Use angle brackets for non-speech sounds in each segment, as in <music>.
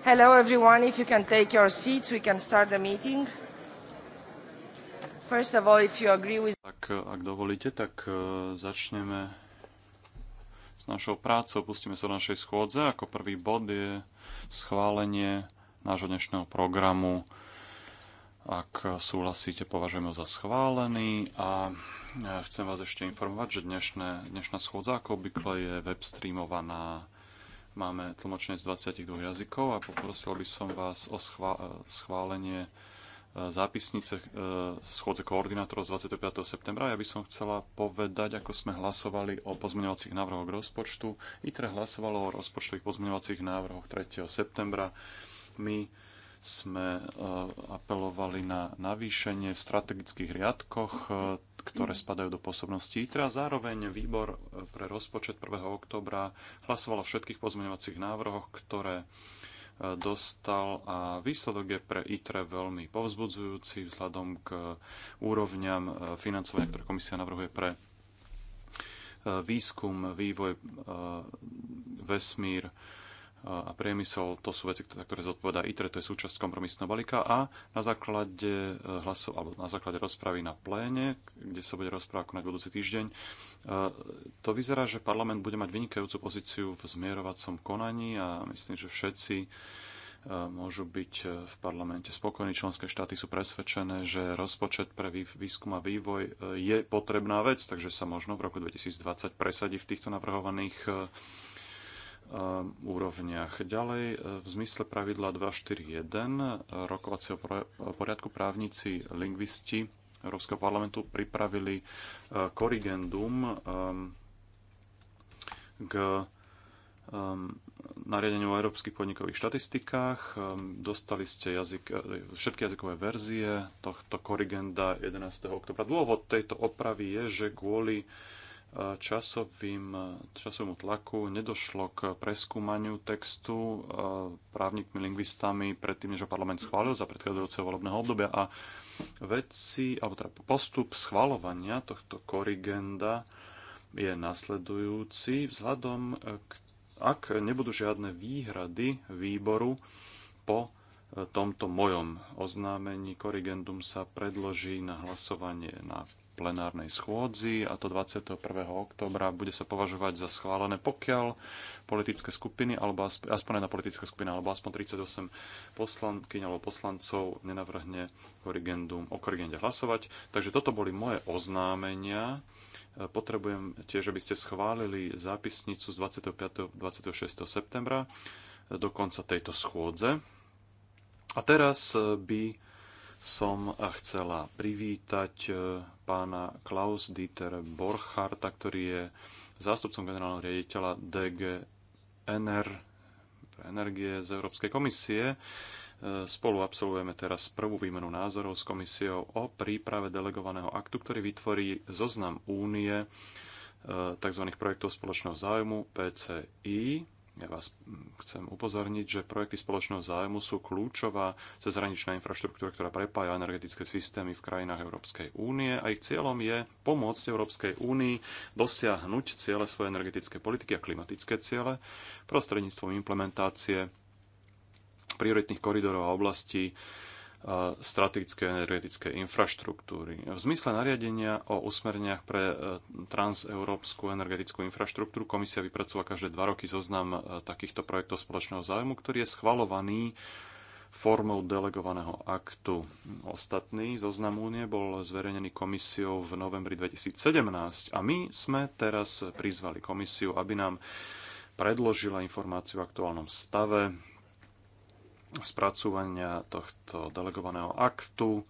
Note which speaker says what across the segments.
Speaker 1: Hello everyone, if you can take your seats, we can start the meeting.
Speaker 2: First of all, if you agree with...
Speaker 3: Tak, eh, ak dovolíte, tak eh, začneme s našou prácou, pustíme sa do našej schôdze. Ako prvý bod je schválenie nášho dnešného programu. Ak súhlasíte, považujeme ho za schválený a eh, chcem vás ešte informovať, že dnešné, dnešná schôdza ako obykle je webstreamovaná Máme tlmočenie z 22 jazykov a poprosil by som vás o e, schválenie e, zápisnice e, schôdze koordinátorov z 25. septembra. Ja by som chcela povedať, ako sme hlasovali o pozmeňovacích návrhoch k rozpočtu. ITRE hlasovalo o rozpočtových pozmeňovacích návrhoch 3. septembra. My sme e, apelovali na navýšenie v strategických riadkoch, e, ktoré spadajú do pôsobnosti ITRA. Zároveň výbor e, pre rozpočet 1. oktobra hlasoval o všetkých pozmeňovacích návrhoch, ktoré dostal a výsledok je pre ITRE veľmi povzbudzujúci vzhľadom k úrovňam financovania, ktoré komisia navrhuje pre výskum, vývoj, vesmír, a priemysel, to sú veci, ktoré zodpovedá ITRE, to je súčasť kompromisného balíka a na základe e, hlasov, alebo na základe rozpravy na pléne, kde sa bude rozpráva konať budúci týždeň, e, to vyzerá, že parlament bude mať vynikajúcu pozíciu v zmierovacom konaní a myslím, že všetci e, môžu byť v parlamente spokojní. Členské štáty sú presvedčené, že rozpočet pre výskum a vývoj je potrebná vec, takže sa možno v roku 2020 presadí v týchto navrhovaných úrovniach. Ďalej, e, v zmysle pravidla 241 e, rokovacieho poriadku právnici, lingvisti Európskeho parlamentu pripravili e, korigendum k nariadeniu o európskych podnikových štatistikách. Dostali ste jazyk, všetky jazykové verzie tohto korigenda 11. oktobra. Dôvod tejto opravy je, že kvôli časovým, časovému tlaku nedošlo k preskúmaniu textu e, právnikmi, lingvistami predtým, než ho parlament schválil za predchádzajúceho volebného obdobia a veci, alebo teda postup schvalovania tohto korigenda je nasledujúci vzhľadom k ak nebudú žiadne výhrady výboru po e, tomto mojom oznámení, korrigendum sa predloží na hlasovanie na plenárnej schôdzi a to 21. oktobra bude sa považovať za schválené, pokiaľ politické skupiny, alebo aspoň, na jedna politická skupina, alebo aspoň 38 poslankyň alebo poslancov nenavrhne korigendum o korigende hlasovať. Takže toto boli moje oznámenia. E, potrebujem tiež, aby ste schválili zápisnicu z 25. 26. septembra e, do konca tejto schôdze. A teraz e, by som chcela privítať e, pána Klaus Dieter Borcharta, ktorý je zástupcom generálneho riaditeľa DG NR, energie z Európskej komisie. E, spolu absolvujeme teraz prvú výmenu názorov s komisiou o príprave delegovaného aktu, ktorý vytvorí zoznam únie e, tzv. projektov spoločného zájmu PCI, ja vás mm, chcem upozorniť, že projekty spoločného zájmu sú kľúčová cezhraničná infraštruktúra, ktorá prepája energetické systémy v krajinách Európskej únie a ich cieľom je pomôcť Európskej únii dosiahnuť ciele svojej energetické politiky a klimatické ciele prostredníctvom implementácie prioritných koridorov a oblastí strategické energetické infraštruktúry. V zmysle nariadenia o usmerniach pre e, transeurópsku energetickú infraštruktúru komisia vypracova každé dva roky zoznam e, takýchto projektov spoločného zájmu, ktorý je schvalovaný formou delegovaného aktu. Ostatný zoznam únie bol zverejnený komisiou v novembri 2017 a my sme teraz prizvali komisiu, aby nám predložila informáciu o aktuálnom stave spracúvania tohto delegovaného aktu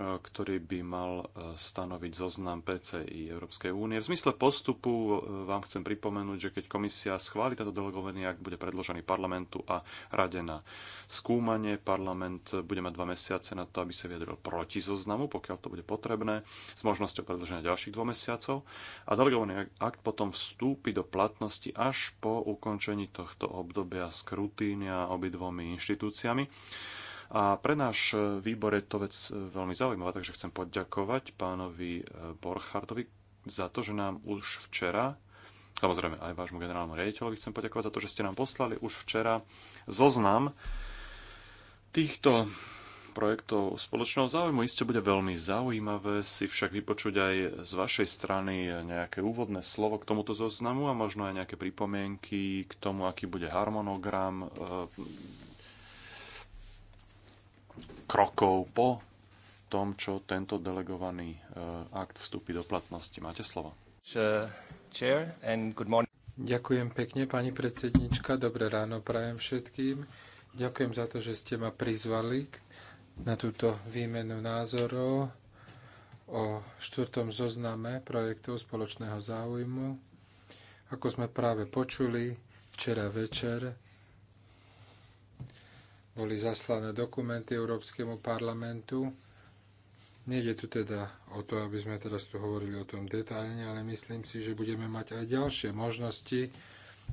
Speaker 3: ktorý by mal e, stanoviť zoznam PCI Európskej únie. V zmysle postupu e, vám chcem pripomenúť, že keď komisia schváli tento delegovaný akt, bude predložený parlamentu a rade na skúmanie. Parlament e, bude mať dva mesiace na to, aby sa vyjadril proti zoznamu, pokiaľ to bude potrebné, s možnosťou predloženia ďalších dvoch mesiacov. A delegovaný akt potom vstúpi do platnosti až po ukončení tohto obdobia skrutínia obidvomi inštitúciami. A pre náš výbor je to vec e, veľmi zaujímavá, takže chcem poďakovať pánovi e, Borchardovi za to, že nám už včera, samozrejme aj vášmu generálnemu riaditeľovi chcem poďakovať za to, že ste nám poslali už včera zoznam týchto projektov spoločného záujmu. Isté bude veľmi zaujímavé si však vypočuť aj z vašej strany nejaké úvodné slovo k tomuto zoznamu a možno aj nejaké pripomienky k tomu, aký bude harmonogram e, krokov po tom, čo tento delegovaný e, akt vstúpi do platnosti. Máte slovo.
Speaker 2: Ďakujem pekne, pani predsednička. Dobré ráno prajem všetkým. Ďakujem za to, že ste ma prizvali na túto výmenu názorov o štvrtom zozname projektov spoločného záujmu. Ako sme práve počuli, včera večer boli zaslané dokumenty Európskemu parlamentu. Nejde tu teda o to, aby sme teraz tu hovorili o tom detailne, ale myslím si, že budeme mať aj ďalšie možnosti,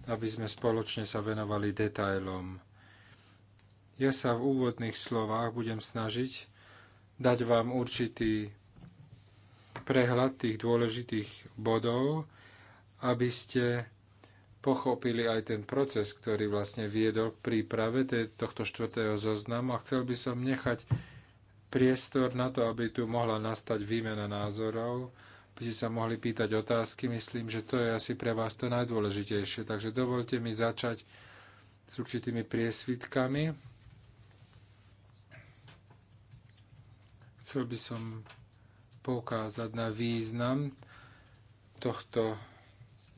Speaker 2: aby sme spoločne sa venovali detailom. Ja sa v úvodných slovách budem snažiť dať vám určitý prehľad tých dôležitých bodov, aby ste pochopili aj ten proces, ktorý vlastne viedol k príprave tohto štvrtého zoznamu a chcel by som nechať priestor na to, aby tu mohla nastať výmena názorov, aby ste sa mohli pýtať otázky. Myslím, že to je asi pre vás to najdôležitejšie. Takže dovolte mi začať s určitými priesvitkami. Chcel by som poukázať na význam tohto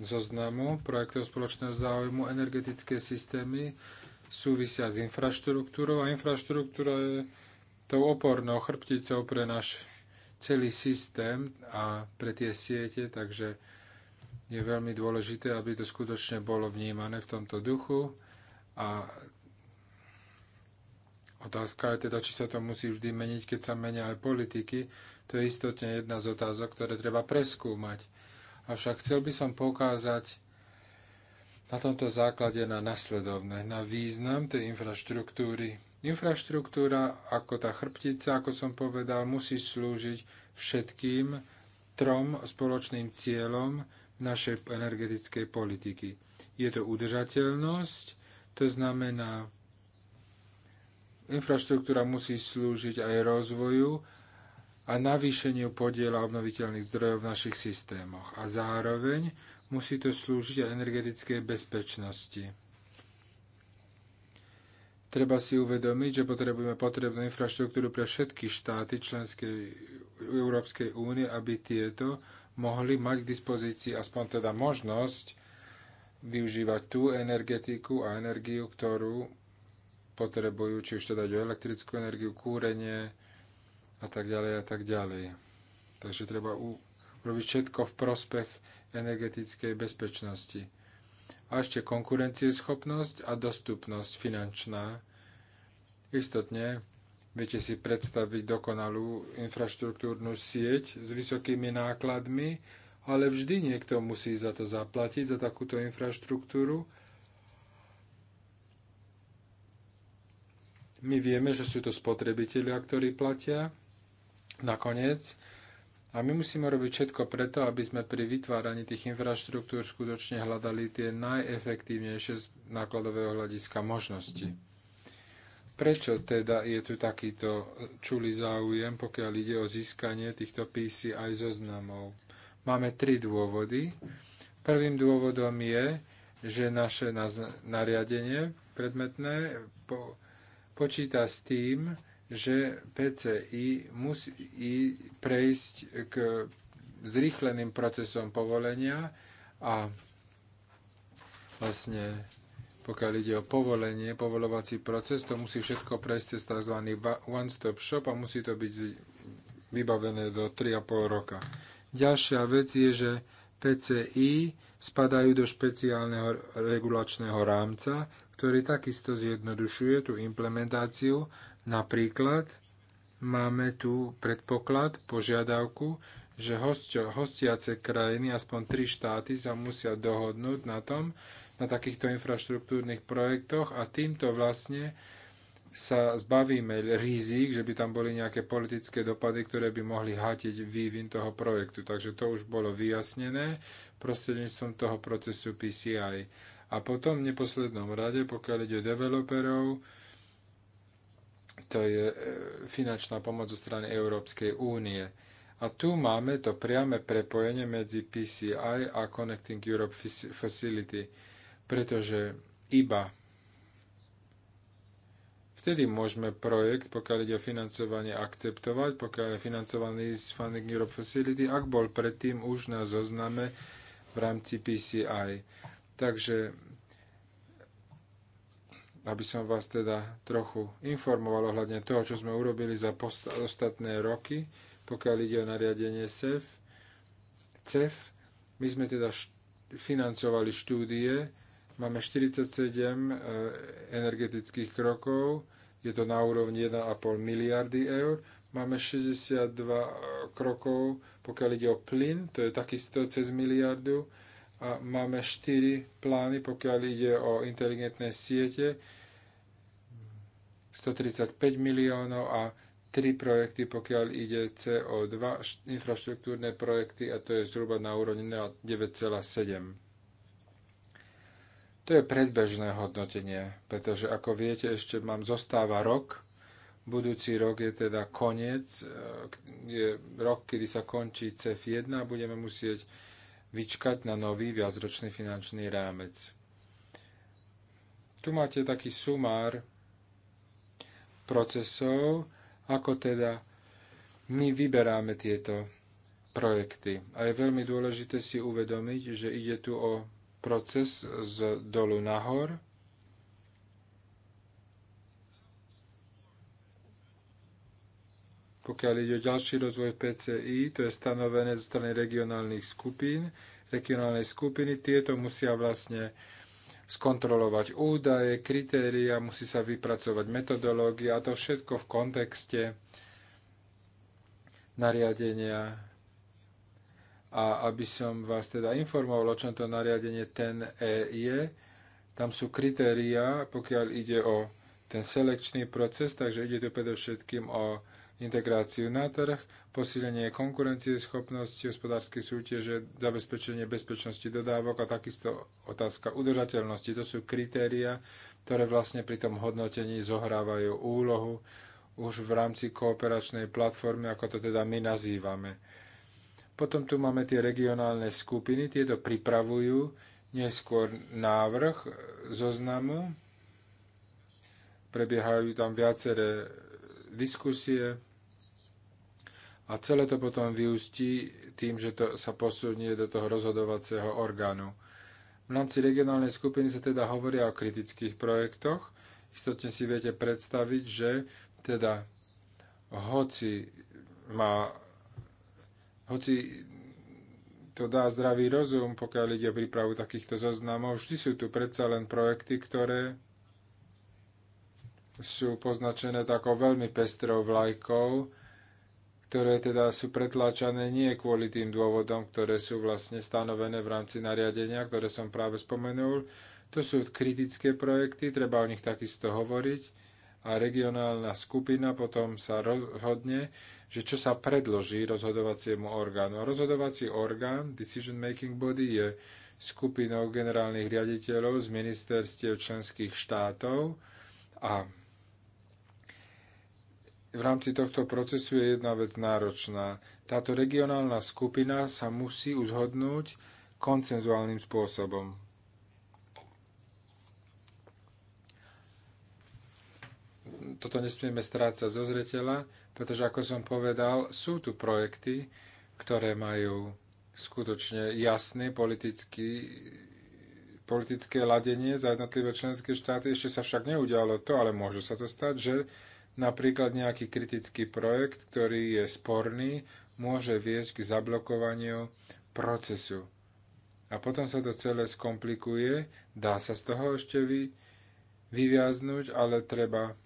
Speaker 2: zoznamu projektov spoločného záujmu energetické systémy súvisia s infraštruktúrou a infraštruktúra je tou opornou chrbticou pre náš celý systém a pre tie siete, takže je veľmi dôležité, aby to skutočne bolo vnímané v tomto duchu a Otázka je teda, či sa to musí vždy meniť, keď sa menia aj politiky. To je istotne jedna z otázok, ktoré treba preskúmať. Avšak chcel by som poukázať na tomto základe na nasledovné, na význam tej infraštruktúry. Infraštruktúra ako tá chrbtica, ako som povedal, musí slúžiť všetkým trom spoločným cieľom našej energetickej politiky. Je to udržateľnosť, to znamená, infraštruktúra musí slúžiť aj rozvoju a navýšeniu podiela obnoviteľných zdrojov v našich systémoch. A zároveň musí to slúžiť aj energetickej bezpečnosti. Treba si uvedomiť, že potrebujeme potrebnú infraštruktúru pre všetky štáty členskej Európskej únie, aby tieto mohli mať k dispozícii aspoň teda možnosť využívať tú energetiku a energiu, ktorú potrebujú, či už teda o elektrickú energiu, kúrenie, a tak ďalej a tak ďalej. Takže treba urobiť všetko v prospech energetickej bezpečnosti. A ešte konkurencieschopnosť a dostupnosť finančná. Istotne viete si predstaviť dokonalú infraštruktúrnu sieť s vysokými nákladmi, ale vždy niekto musí za to zaplatiť, za takúto infraštruktúru. My vieme, že sú to spotrebitelia, ktorí platia nakoniec. A my musíme robiť všetko preto, aby sme pri vytváraní tých infraštruktúr skutočne hľadali tie najefektívnejšie z nákladového hľadiska možnosti. Prečo teda je tu takýto čulý záujem, pokiaľ ide o získanie týchto PCI zoznamov? Máme tri dôvody. Prvým dôvodom je, že naše nariadenie predmetné počíta s tým, že PCI musí prejsť k zrýchleným procesom povolenia a vlastne pokiaľ ide o povolenie, povolovací proces, to musí všetko prejsť cez tzv. one-stop shop a musí to byť vybavené do 3,5 roka. Ďalšia vec je, že PCI spadajú do špeciálneho regulačného rámca, ktorý takisto zjednodušuje tú implementáciu Napríklad máme tu predpoklad, požiadavku, že hostio, hostiace krajiny, aspoň tri štáty, sa musia dohodnúť na tom, na takýchto infraštruktúrnych projektoch a týmto vlastne sa zbavíme rizik, že by tam boli nejaké politické dopady, ktoré by mohli hatiť vývin toho projektu. Takže to už bolo vyjasnené prostredníctvom toho procesu PCI. A potom v neposlednom rade, pokiaľ ide o developerov, to je e, finančná pomoc zo strany Európskej únie. A tu máme to priame prepojenie medzi PCI a Connecting Europe Facility, pretože iba vtedy môžeme projekt, pokiaľ ide o financovanie, akceptovať, pokiaľ je financovaný z Funding Europe Facility, ak bol predtým už na zozname v rámci PCI. Takže aby som vás teda trochu informoval ohľadne toho, čo sme urobili za ostatné roky, pokiaľ ide o nariadenie CEF. CEF, my sme teda financovali štúdie, máme 47 e, energetických krokov, je to na úrovni 1,5 miliardy eur, máme 62 e, krokov, pokiaľ ide o plyn, to je takisto cez miliardu, a máme štyri plány, pokiaľ ide o inteligentné siete, 135 miliónov a tri projekty, pokiaľ ide CO2, infraštruktúrne projekty a to je zhruba na úrovni 9,7. To je predbežné hodnotenie, pretože ako viete, ešte mám zostáva rok. Budúci rok je teda koniec, e, je rok, kedy sa končí CEF1 a budeme musieť vyčkať na nový viacročný finančný rámec. Tu máte taký sumár procesov, ako teda my vyberáme tieto projekty. A je veľmi dôležité si uvedomiť, že ide tu o proces z dolu nahor, Pokiaľ ide o ďalší rozvoj PCI, to je stanovené zo strany regionálnych skupín. regionálnej skupiny tieto musia vlastne skontrolovať údaje, kritéria, musí sa vypracovať metodológia a to všetko v kontexte nariadenia. A aby som vás teda informoval, o čom to nariadenie ten E je, tam sú kritéria, pokiaľ ide o ten selekčný proces, takže ide tu predovšetkým o integráciu na trh, posílenie konkurencie schopnosti hospodárskej súťaže, zabezpečenie bezpečnosti dodávok a takisto otázka udržateľnosti. To sú kritéria, ktoré vlastne pri tom hodnotení zohrávajú úlohu už v rámci kooperačnej platformy, ako to teda my nazývame. Potom tu máme tie regionálne skupiny, tieto pripravujú neskôr návrh zoznamu, prebiehajú tam viaceré diskusie, a celé to potom vyústí tým, že to sa posunie do toho rozhodovacieho orgánu. V rámci regionálnej skupiny sa teda hovoria o kritických projektoch. Istotne si viete predstaviť, že teda hoci má hoci to dá zdravý rozum, pokiaľ ide o prípravu takýchto zoznamov, vždy sú tu predsa len projekty, ktoré sú poznačené takou veľmi pestrou vlajkou ktoré teda sú pretláčané nie kvôli tým dôvodom, ktoré sú vlastne stanovené v rámci nariadenia, ktoré som práve spomenul. To sú kritické projekty, treba o nich takisto hovoriť a regionálna skupina potom sa rozhodne, že čo sa predloží rozhodovaciemu orgánu. A rozhodovací orgán, Decision Making Body, je skupinou generálnych riaditeľov z ministerstiev členských štátov a v rámci tohto procesu je jedna vec náročná. Táto regionálna skupina sa musí uzhodnúť koncenzuálnym spôsobom. Toto nesmieme strácať zo zreteľa, pretože ako som povedal, sú tu projekty, ktoré majú skutočne jasné politický, politické ladenie za jednotlivé členské štáty. Ešte sa však neudialo to, ale môže sa to stať, že Napríklad nejaký kritický projekt, ktorý je sporný, môže viesť k zablokovaniu procesu. A potom sa to celé skomplikuje, dá sa z toho ešte vy, vyviaznuť, ale treba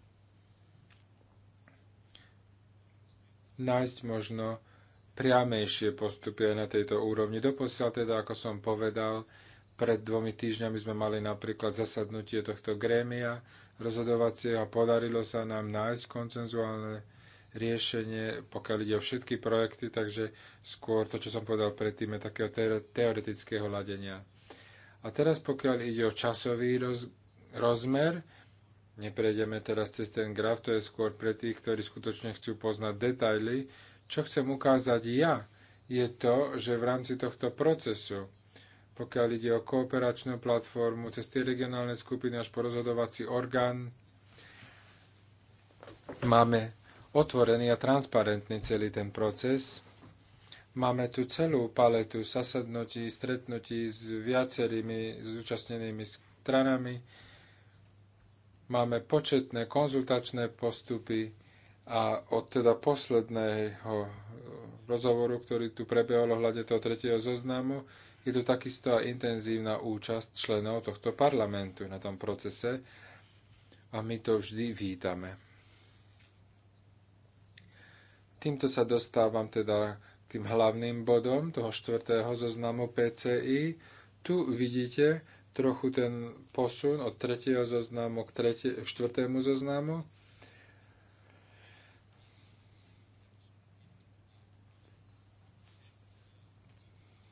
Speaker 2: nájsť možno priamejšie postupy aj na tejto úrovni. Doposiaľ teda, ako som povedal, pred dvomi týždňami sme mali napríklad zasadnutie tohto grémia rozhodovacie a podarilo sa nám nájsť koncenzuálne riešenie, pokiaľ ide o všetky projekty, takže skôr to, čo som povedal predtým, je takého teoretického ladenia. A teraz pokiaľ ide o časový roz, rozmer, neprejdeme teraz cez ten graf, to je skôr pre tých, ktorí skutočne chcú poznať detaily, čo chcem ukázať ja, je to, že v rámci tohto procesu pokiaľ ide o kooperačnú platformu, cez tie regionálne skupiny až po rozhodovací orgán. Máme otvorený a transparentný celý ten proces. Máme tu celú paletu zasadnutí, stretnutí s viacerými zúčastnenými stranami. Máme početné konzultačné postupy a od teda posledného rozhovoru, ktorý tu prebehol ohľade toho tretieho zoznamu, je tu takisto aj intenzívna účasť členov tohto parlamentu na tom procese a my to vždy vítame. Týmto sa dostávam teda k tým hlavným bodom toho štvrtého zoznamu PCI. Tu vidíte trochu ten posun od tretieho zoznamu k, tretie, k štvrtému zoznamu.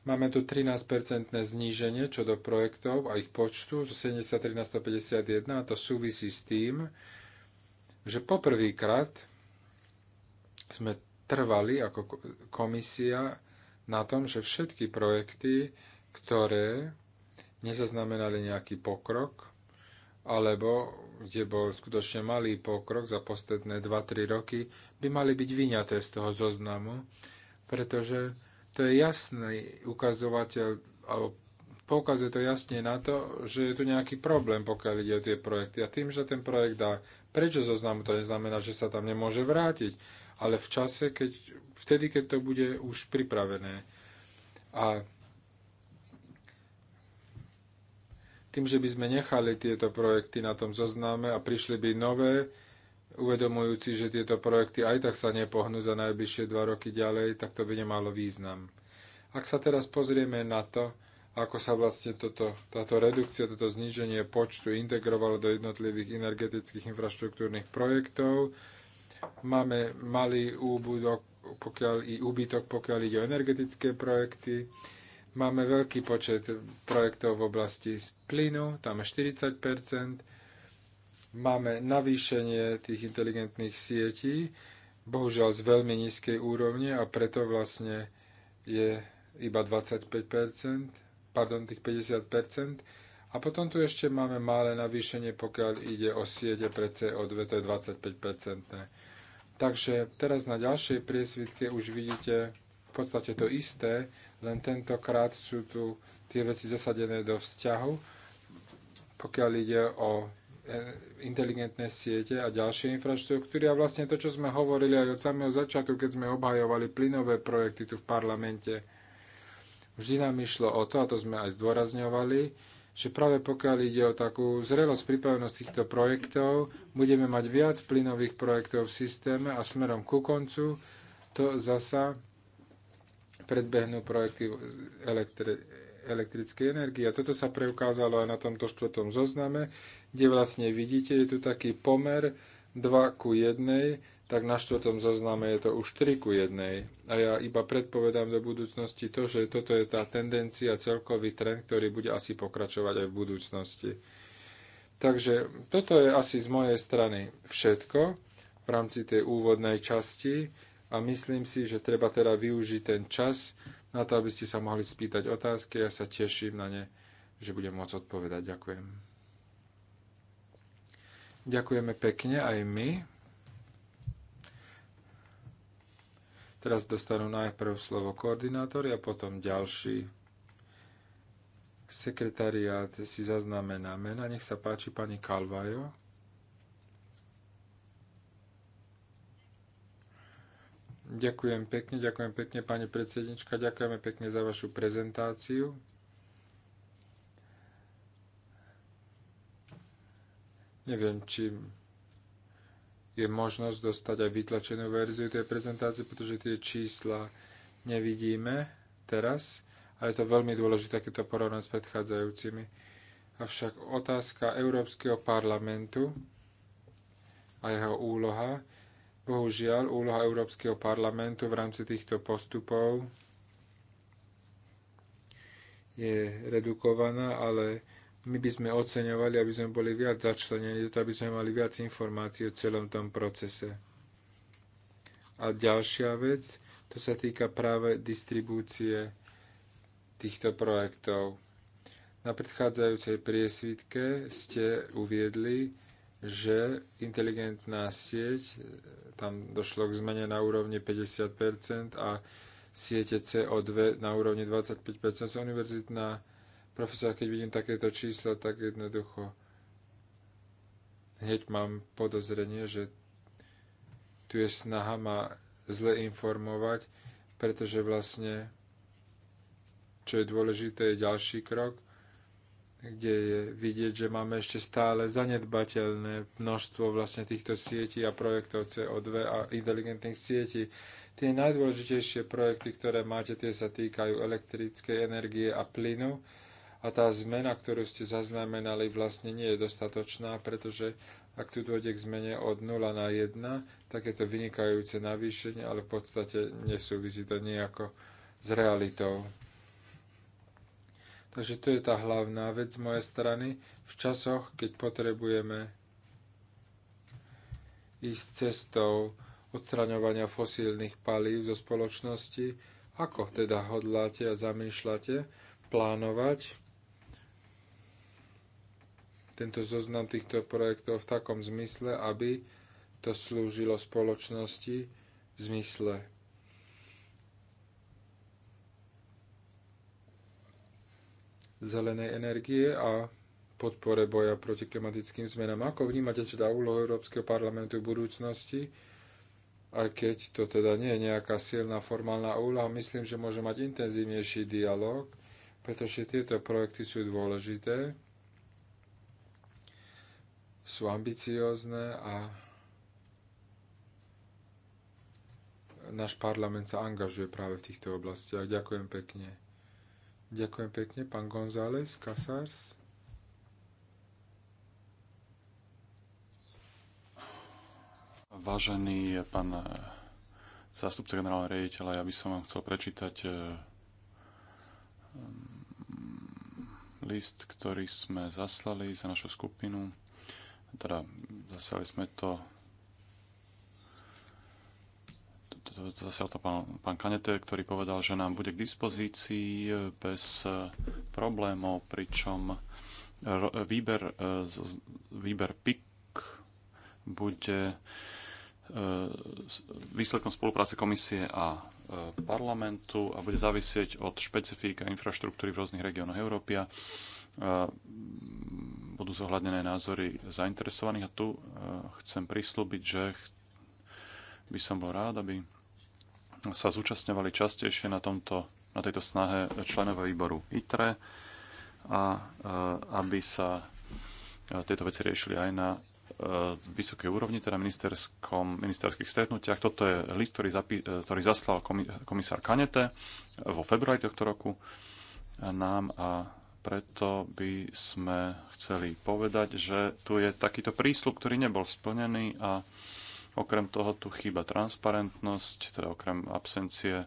Speaker 2: Máme tu 13-percentné zníženie čo do projektov a ich počtu zo 73 na 151 a to súvisí s tým, že poprvýkrát sme trvali ako komisia na tom, že všetky projekty, ktoré nezaznamenali nejaký pokrok, alebo kde bol skutočne malý pokrok za posledné 2-3 roky, by mali byť vyňaté z toho zoznamu, pretože to je jasný ukazovateľ, alebo poukazuje to jasne na to, že je tu nejaký problém, pokiaľ ide o tie projekty. A tým, že ten projekt dá prečo zoznamu, to neznamená, že sa tam nemôže vrátiť, ale v čase, keď, vtedy, keď to bude už pripravené. A tým, že by sme nechali tieto projekty na tom zozname a prišli by nové, uvedomujúci, že tieto projekty aj tak sa nepohnú za najbližšie dva roky ďalej, tak to by nemalo význam. Ak sa teraz pozrieme na to, ako sa vlastne toto, táto redukcia, toto zníženie počtu integrovalo do jednotlivých energetických infraštruktúrnych projektov, máme malý úbudok, pokiaľ, i úbytok, pokiaľ ide o energetické projekty, máme veľký počet projektov v oblasti z plynu, tam je 40 Máme navýšenie tých inteligentných sietí, bohužiaľ z veľmi nízkej úrovne a preto vlastne je iba 25%, pardon, tých 50%. A potom tu ešte máme malé navýšenie, pokiaľ ide o siete pre CO2, to je 25%. Takže teraz na ďalšej priesvitke už vidíte v podstate to isté, len tentokrát sú tu tie veci zasadené do vzťahu, pokiaľ ide o E, inteligentné siete a ďalšie infraštruktúry. A vlastne to, čo sme hovorili aj od samého začiatku, keď sme obhajovali plynové projekty tu v parlamente, vždy nám išlo o to, a to sme aj zdôrazňovali, že práve pokiaľ ide o takú zrelosť, pripravenosť týchto projektov, budeme mať viac plynových projektov v systéme a smerom ku koncu to zasa predbehnú projekty elektri- elektrickej energie. A toto sa preukázalo aj na tomto štvrtom zozname, kde vlastne vidíte, je tu taký pomer 2 ku 1, tak na štvrtom zozname je to už 3 ku 1. A ja iba predpovedám do budúcnosti to, že toto je tá tendencia, celkový trend, ktorý bude asi pokračovať aj v budúcnosti. Takže toto je asi z mojej strany všetko v rámci tej úvodnej časti a myslím si, že treba teda využiť ten čas, na to, aby ste sa mohli spýtať otázky. Ja sa teším na ne, že budem môcť odpovedať. Ďakujem. Ďakujeme pekne aj my. Teraz dostanú najprv slovo koordinátory a potom ďalší. Sekretariát si zaznamená mena. Nech sa páči pani Kalvajo. Ďakujem pekne, ďakujem pekne pani predsednička, ďakujeme pekne za vašu prezentáciu. Neviem, či je možnosť dostať aj vytlačenú verziu tej prezentácie, pretože tie čísla nevidíme teraz a je to veľmi dôležité, keď to porovnám s predchádzajúcimi. Avšak otázka Európskeho parlamentu a jeho úloha Bohužiaľ, úloha Európskeho parlamentu v rámci týchto postupov je redukovaná, ale my by sme oceňovali, aby sme boli viac začlenení, to, aby sme mali viac informácií o celom tom procese. A ďalšia vec, to sa týka práve distribúcie týchto projektov. Na predchádzajúcej priesvitke ste uviedli, že inteligentná sieť, e, tam došlo k zmene na úrovni 50% a siete CO2 na úrovni 25%. Som univerzitná profesor, keď vidím takéto čísla, tak jednoducho hneď mám podozrenie, že tu je snaha ma zle informovať, pretože vlastne, čo je dôležité, je ďalší krok – kde je vidieť, že máme ešte stále zanedbateľné množstvo vlastne týchto sietí a projektov CO2 a inteligentných sietí. Tie najdôležitejšie projekty, ktoré máte, tie sa týkajú elektrickej energie a plynu a tá zmena, ktorú ste zaznamenali, vlastne nie je dostatočná, pretože ak tu dôjde k zmene od 0 na 1, tak je to vynikajúce navýšenie, ale v podstate nesúvisí to nejako s realitou. Takže to je tá hlavná vec z mojej strany. V časoch, keď potrebujeme ísť cestou odstraňovania fosílnych palív zo spoločnosti, ako teda hodláte a zamýšľate plánovať tento zoznam týchto projektov v takom zmysle, aby to slúžilo spoločnosti v zmysle zelenej energie a podpore boja proti klimatickým zmenám. Ako vnímate teda úlohu Európskeho parlamentu v budúcnosti? Aj keď to teda nie je nejaká silná formálna úloha, myslím, že môže mať intenzívnejší dialog, pretože tieto projekty sú dôležité, sú ambiciózne a náš parlament sa angažuje práve v týchto oblastiach. Ďakujem pekne. Ďakujem pekne. Pán González, Kasárs.
Speaker 3: Vážený pán zástupca generálneho riaditeľa, ja by som vám chcel prečítať eh, mm, list, ktorý sme zaslali za našu skupinu. Teda zaslali sme to zase to pán, pán Kanete, ktorý povedal, že nám bude k dispozícii e, bez e, problémov, pričom e, výber, výber PIK bude výsledkom spolupráce komisie a parlamentu a bude závisieť od špecifík a infraštruktúry v rôznych regiónoch Európy. Budú zohľadnené názory zainteresovaných a tu chcem prislúbiť, že by som bol rád, aby sa zúčastňovali častejšie na, tomto, na tejto snahe členové výboru ITRE a e, aby sa e, tieto veci riešili aj na e, vysokej úrovni, teda ministerskom, ministerských stretnutiach. Toto je list, ktorý, zapí, ktorý zaslal komisár Kanete vo februári tohto roku nám a preto by sme chceli povedať, že tu je takýto prísľub, ktorý nebol splnený a Okrem toho tu chýba transparentnosť, teda okrem absencie e,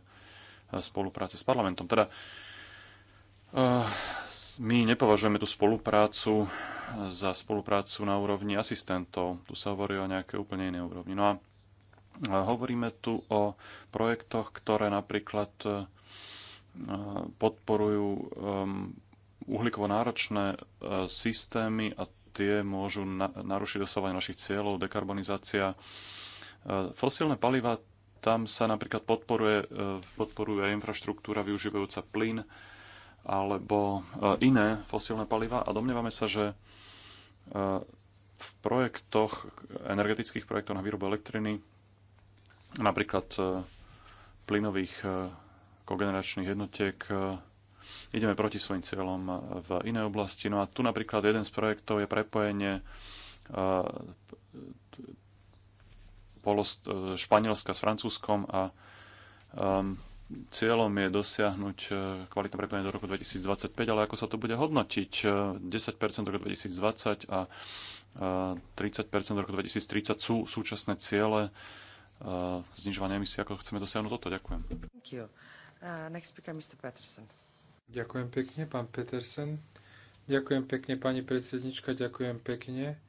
Speaker 3: spolupráce s parlamentom. Teda e, my nepovažujeme tú spoluprácu e, za spoluprácu na úrovni asistentov. Tu sa hovorí o nejaké úplne inej úrovni. No a hovoríme tu o projektoch, ktoré napríklad podporujú uhlíkovo náročné systémy a tie môžu narušiť dosávanie našich cieľov, dekarbonizácia. E, fosílne paliva, tam sa napríklad podporuje, e, podporuje infraštruktúra využívajúca plyn alebo e, iné fosílne paliva a domnievame sa, že v projektoch, energetických projektoch na výrobu elektriny, napríklad plynových kogeneračných jednotiek, ideme proti svojim cieľom v inej oblasti. No a tu napríklad jeden z projektov je prepojenie eh, eh, Španielska s Francúzskom a ehm, cieľom je dosiahnuť eh, kvalitné prepojenie do roku 2025, ale ako sa to bude hodnotiť? 10% do roku 2020 a 30% do roku 2030 sú súčasné ciele znižovania emisí, ako chceme dosiahnuť toto. Ďakujem.
Speaker 2: Thank you. Uh, next speaker, Mr. Patterson. Ďakujem pekne, pán Petersen. Ďakujem pekne, pani predsednička, ďakujem pekne,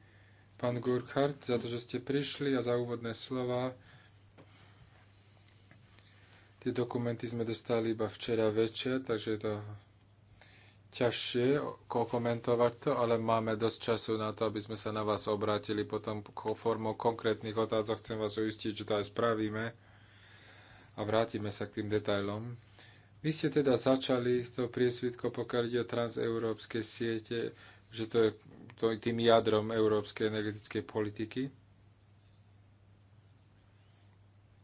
Speaker 2: pán Gurkhardt, za to, že ste prišli a za úvodné slova. Tie dokumenty sme dostali iba včera večer, takže je to ťažšie komentovať to, ale máme dosť času na to, aby sme sa na vás obrátili potom formou konkrétnych otázok. Chcem vás uistiť, že to aj spravíme a vrátime sa k tým detailom. Vy ste teda začali s tou priesvitkou, pokiaľ ide o transeurópske siete, že to je to, tým jadrom európskej energetickej politiky.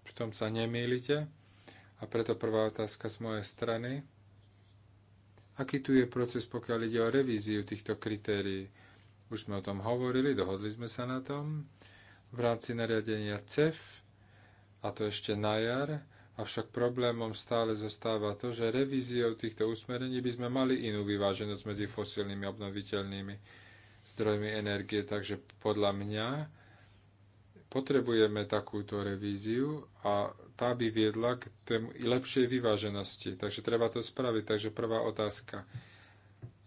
Speaker 2: V tom sa nemýlite. A preto prvá otázka z mojej strany. Aký tu je proces, pokiaľ ide o revíziu týchto kritérií? Už sme o tom hovorili, dohodli sme sa na tom. V rámci nariadenia CEF, a to ešte na jar, Avšak problémom stále zostáva to, že revíziou týchto usmerení by sme mali inú vyváženosť medzi fosílnymi a obnoviteľnými zdrojmi energie. Takže podľa mňa potrebujeme takúto revíziu a tá by viedla k tému lepšej vyváženosti. Takže treba to spraviť. Takže prvá otázka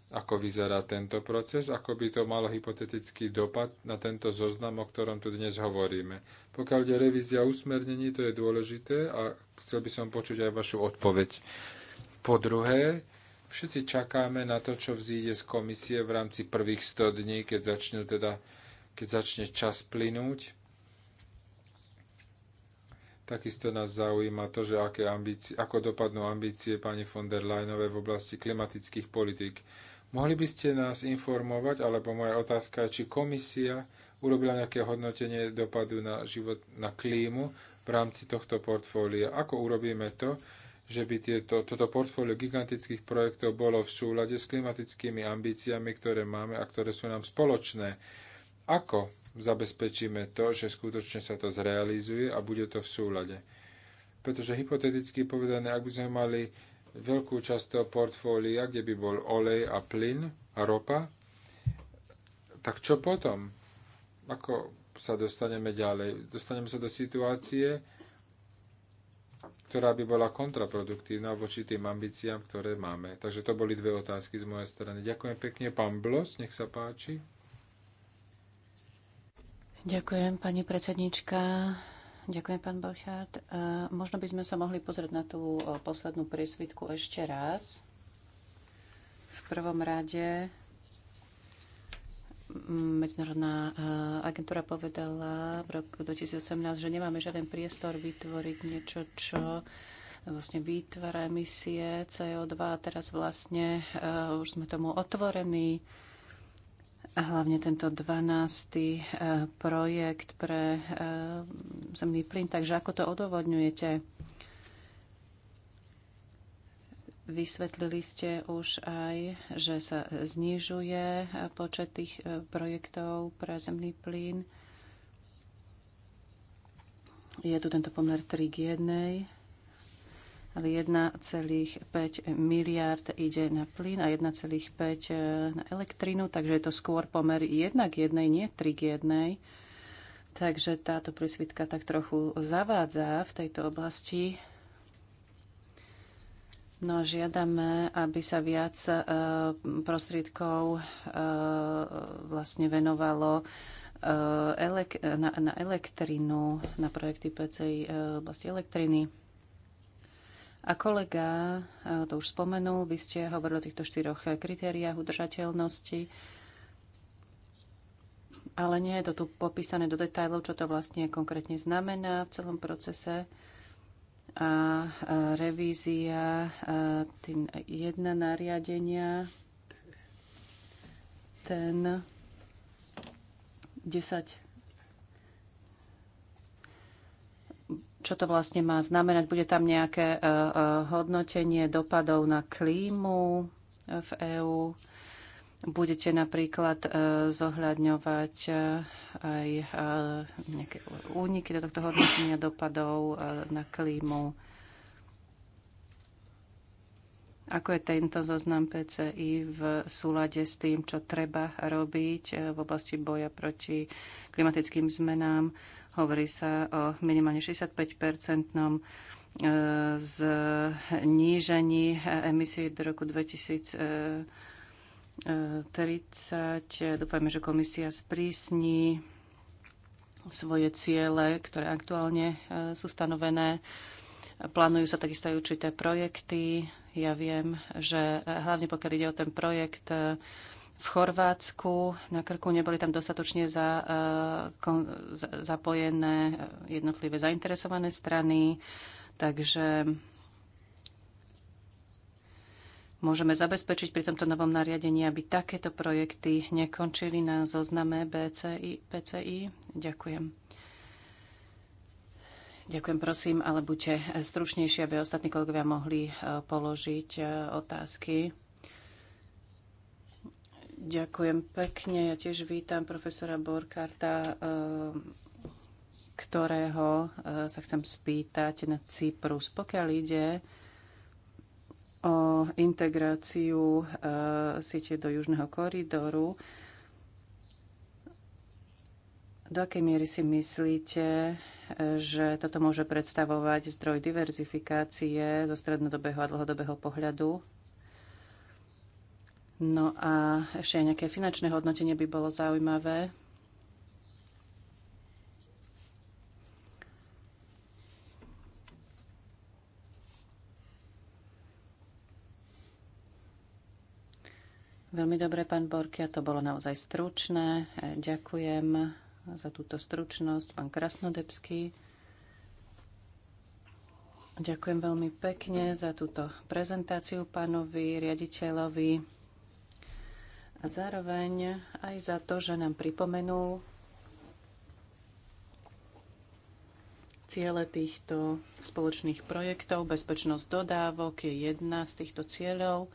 Speaker 2: ako vyzerá tento proces, ako by to malo hypotetický dopad na tento zoznam, o ktorom tu dnes hovoríme. Pokiaľ je revízia usmernení, to je dôležité a chcel by som počuť aj vašu odpoveď. Po druhé, všetci čakáme na to, čo vzíde z komisie v rámci prvých 100 dní, keď, začnú teda, keď začne čas plynúť. Takisto nás zaujíma to, že aké ambície, ako dopadnú ambície pani von der Leyenovej v oblasti klimatických politík Mohli by ste nás informovať, alebo moja otázka je, či komisia urobila nejaké hodnotenie dopadu na život, na klímu v rámci tohto portfólia. Ako urobíme to, že by tieto, toto portfólio gigantických projektov bolo v súlade s klimatickými ambíciami, ktoré máme a ktoré sú nám spoločné. Ako zabezpečíme to, že skutočne sa to zrealizuje a bude to v súlade? Pretože hypoteticky povedané, ak by sme mali veľkú časť toho portfólia, kde by bol olej a plyn a ropa, tak čo potom? Ako sa dostaneme ďalej? Dostaneme sa do situácie, ktorá by bola kontraproduktívna voči tým ambíciám, ktoré máme. Takže to boli dve otázky z mojej strany. Ďakujem pekne. Pán Blos, nech sa páči.
Speaker 1: Ďakujem, pani predsednička. Ďakujem, pán Bochard. E, možno by sme sa mohli pozrieť na tú e, poslednú prísvitku ešte raz. V prvom rade Medzinárodná e, agentúra povedala v roku 2018, že nemáme žiaden priestor vytvoriť niečo, čo vlastne vytvára emisie CO2 a teraz vlastne uh, už sme tomu otvorení hlavne tento 12. E, projekt pre e, zemný plyn. Takže ako to odovodňujete? Vysvetlili ste už aj, že sa znižuje počet tých e, projektov pre zemný plyn. Je tu tento pomer 3 k 1 ale 1,5 miliard ide na plyn a 1,5 na elektrínu, takže je to skôr pomer 1 k 1, nie 3 k 1. Takže táto prísvitka tak trochu zavádza v tejto oblasti. No, žiadame, aby sa viac e, prostriedkov e, vlastne venovalo e, na elektrínu, na projekty PCI v oblasti elektriny. A kolega eh, to už spomenul, vy ste hovorili o týchto štyroch kritériách udržateľnosti, ale nie je to tu popísané do detajlov, čo to vlastne konkrétne znamená v celom procese. A eh, revízia eh, tým jedna nariadenia, ten 10 čo to vlastne má znamenať. Bude tam nejaké e, e, hodnotenie dopadov na klímu e, v EÚ. Budete napríklad zohľadňovať aj nejaké úniky do tohto hodnotenia dopadov na klímu. Ako je tento zoznam PCI v súlade s tým, čo treba robiť v oblasti boja proti klimatickým zmenám? Hovorí sa o minimálne 65-percentnom e, znížení emisí do roku 2030. E, e, Dúfajme, že komisia sprísni svoje ciele, ktoré aktuálne sú stanovené. Plánujú sa takisto aj určité projekty. Ja viem, že hlavne pokiaľ ide o ten projekt v Chorvátsku na Krku neboli tam dostatočne za, eh, kon, za, zapojené eh, jednotlivé zainteresované strany, takže môžeme zabezpečiť pri tomto novom nariadení, aby takéto projekty nekončili na zozname BCI. PCI. Ďakujem. Ďakujem, prosím, ale buďte stručnejší, aby ostatní kolegovia mohli eh, položiť otázky. Ďakujem pekne. Ja tiež vítam profesora Borkarta, eh, ktorého eh, sa chcem spýtať na Cyprus. Pokiaľ ide o integráciu eh, siete do južného koridoru, do akej miery si myslíte, že toto môže predstavovať zdroj diverzifikácie zo strednodobého a dlhodobého pohľadu? No a ešte aj nejaké finančné hodnotenie by bolo zaujímavé. Veľmi dobre, pán Borkia, to bolo naozaj stručné. E, ďakujem za túto stručnosť, pán Krasnodebský. Ďakujem veľmi pekne za túto prezentáciu pánovi riaditeľovi a zároveň aj za to, že nám pripomenul ciele týchto spoločných projektov. Bezpečnosť dodávok je jedna z týchto cieľov.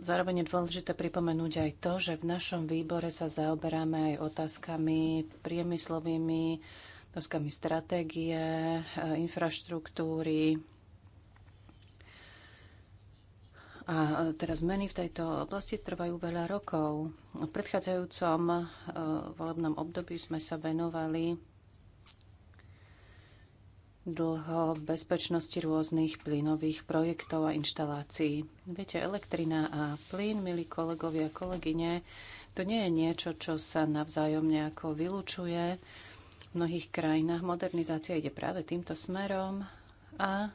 Speaker 1: Zároveň je dôležité pripomenúť aj to, že v našom výbore sa zaoberáme aj otázkami priemyslovými, otázkami stratégie, infraštruktúry, A e, teraz zmeny v tejto oblasti trvajú veľa rokov. V predchádzajúcom e, volebnom období sme sa venovali dlho bezpečnosti rôznych plynových projektov a inštalácií. Viete, elektrina a plyn, milí kolegovia a kolegyne, to nie je niečo, čo sa navzájom nejako vylučuje. V mnohých krajinách modernizácia ide práve týmto smerom a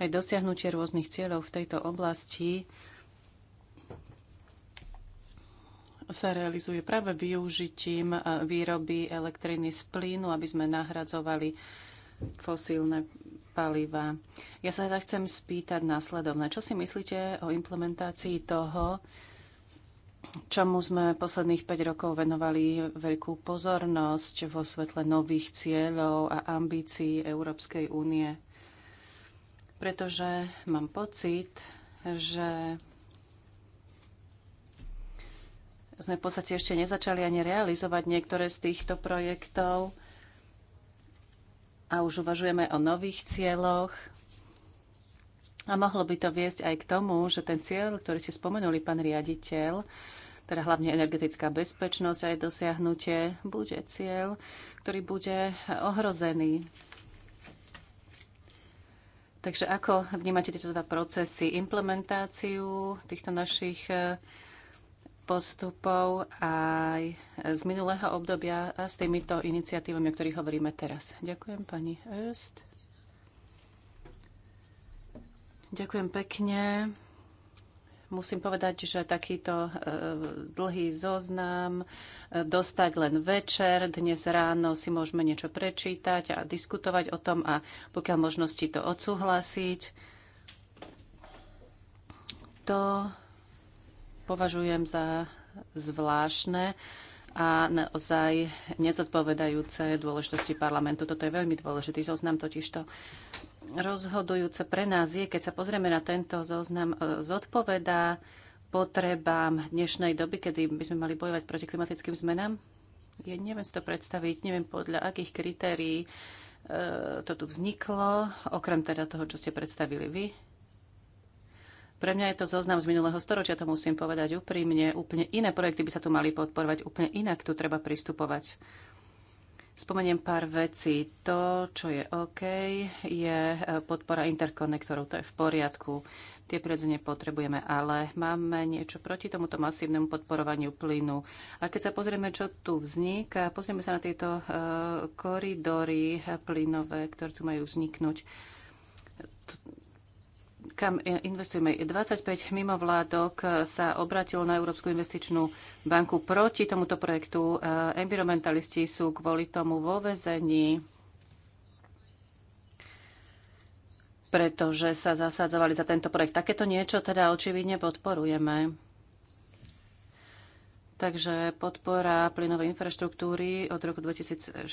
Speaker 1: aj dosiahnutie rôznych cieľov v tejto oblasti sa realizuje práve využitím e, výroby elektriny z plynu, aby sme nahradzovali fosílne paliva. Ja sa teda chcem spýtať následovne. Čo si myslíte o implementácii toho, čomu sme posledných 5 rokov venovali veľkú pozornosť vo svetle nových cieľov a ambícií Európskej únie? pretože mám pocit, že sme v podstate ešte nezačali ani realizovať niektoré z týchto projektov a už uvažujeme o nových cieľoch. A mohlo by to viesť aj k tomu, že ten cieľ, ktorý ste spomenuli, pán riaditeľ, teda hlavne energetická bezpečnosť a jej dosiahnutie, bude cieľ, ktorý bude ohrozený Takže ako vnímate tieto dva procesy? Implementáciu týchto našich e, postupov aj z minulého obdobia a s týmito iniciatívami, o ktorých hovoríme teraz. Ďakujem pani Öst. Ďakujem pekne. Musím povedať, že takýto e, dlhý zoznam e, dostať len večer, dnes ráno si môžeme niečo prečítať a diskutovať o tom a pokiaľ možnosti to odsúhlasiť, to považujem za zvláštne a naozaj nezodpovedajúce dôležitosti parlamentu. Toto je veľmi dôležitý zoznam totižto rozhodujúce pre nás je, keď sa pozrieme na tento zoznam, e, zodpovedá potrebám dnešnej doby, kedy by sme mali bojovať proti klimatickým zmenám? Ja neviem si to predstaviť, neviem podľa akých kritérií e, to tu vzniklo, okrem teda toho, čo ste predstavili vy. Pre mňa je to zoznam z minulého storočia, to musím povedať úprimne. Úplne iné projekty by sa tu mali podporovať, úplne inak tu treba pristupovať. Spomeniem pár vecí. To, čo je OK, je e, podpora interkonektorov. To je v poriadku. Tie prirodzene potrebujeme, ale máme niečo proti tomuto masívnemu podporovaniu plynu. A keď sa pozrieme, čo tu vzniká, pozrieme sa na tieto e, koridory plynové, ktoré tu majú vzniknúť kam investujeme. 25 mimovládok eh, sa obratilo na Európsku investičnú banku proti tomuto projektu. Eh, environmentalisti sú kvôli tomu vo vezení, pretože sa zasadzovali za tento projekt. Takéto niečo teda očividne podporujeme. Takže podpora plynovej infraštruktúry od roku 2014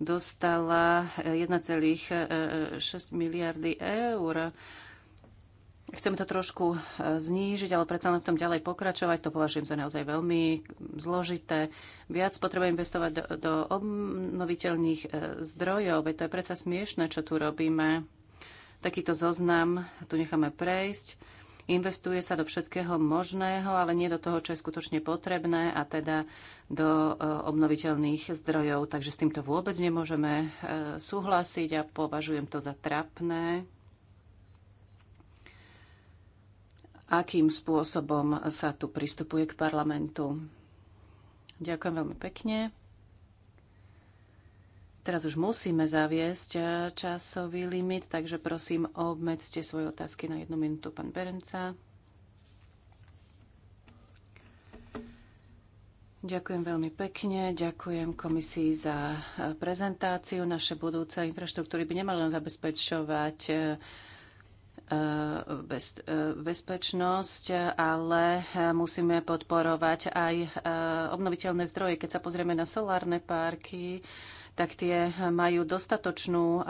Speaker 1: dostala 1,6 miliardy eur. Chceme to trošku e, znížiť, ale predsa len v tom ďalej pokračovať. To považujem za naozaj veľmi zložité. Viac potrebujem investovať do, do obnoviteľných e, zdrojov, veď to je predsa smiešne, čo tu robíme. Takýto zoznam tu necháme prejsť Investuje sa do všetkého možného, ale nie do toho, čo je skutočne potrebné a teda do e, obnoviteľných zdrojov. Takže s týmto vôbec nemôžeme e, súhlasiť a považujem to za trapné. Akým spôsobom sa tu pristupuje k parlamentu? Ďakujem veľmi pekne. Teraz už musíme zaviesť e, časový limit, takže prosím, obmedzte svoje otázky na jednu minútu, pán Berenca. Ďakujem veľmi pekne, ďakujem komisii za e, prezentáciu. Naše budúce infraštruktúry by nemali len zabezpečovať e, bez, bezpečnosť, ale musíme podporovať aj obnoviteľné zdroje. Keď sa pozrieme na solárne parky, tak tie majú dostatočnú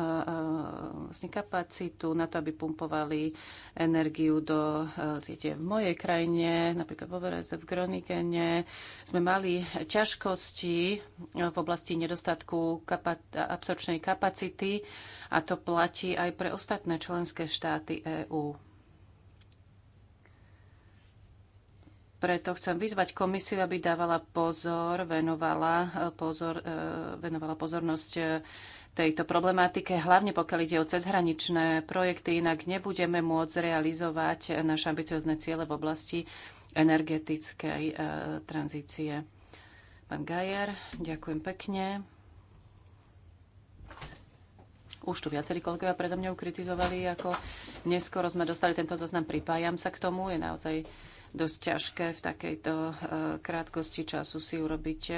Speaker 1: vlastne kapacitu na to, aby pumpovali energiu do siete. V mojej krajine, napríklad vo Vereze, v Gronigene, sme mali ťažkosti v oblasti nedostatku absorpčnej kapacity a to platí aj pre ostatné členské štáty EÚ. Preto chcem vyzvať komisiu, aby dávala pozor, venovala, e, pozor, e, venovala pozornosť e, tejto problematike, hlavne pokiaľ ide o cezhraničné projekty, inak nebudeme môcť realizovať naše ambiciozne ciele v oblasti energetickej e, tranzície. Pán Gajer, ďakujem pekne. Už tu viacerí kolegovia predo mňou kritizovali, ako neskoro sme dostali tento zoznam, pripájam sa k tomu, je naozaj dosť ťažké v takejto e, krátkosti času si urobiť e,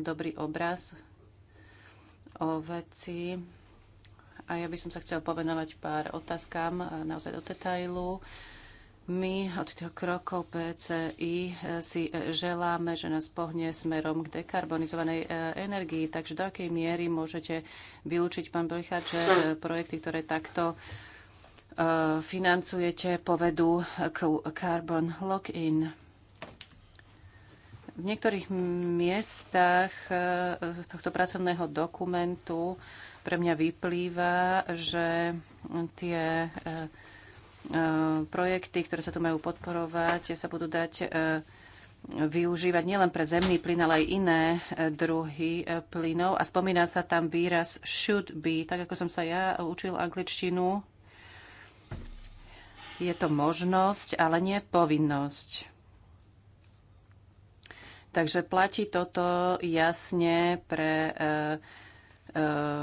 Speaker 1: dobrý obraz o veci. A ja by som sa chcel povenovať pár otázkam e, naozaj do detailu. My od týchto krokov PCI si želáme, že nás pohne smerom k dekarbonizovanej energii. Takže do akej miery môžete vylúčiť, pán Blichard, že projekty, ktoré takto Eh, financujete, povedú carbon lock-in. V niektorých miestach eh, tohto pracovného dokumentu pre mňa vyplýva, že tie eh, projekty, ktoré sa tu majú podporovať, sa budú dať využívať nielen pre zemný plyn, ale aj iné druhy plynov. A spomína sa tam výraz should be. Tak ako som sa ja učil angličtinu, je to možnosť, ale nie povinnosť. Takže platí toto jasne pre e, e,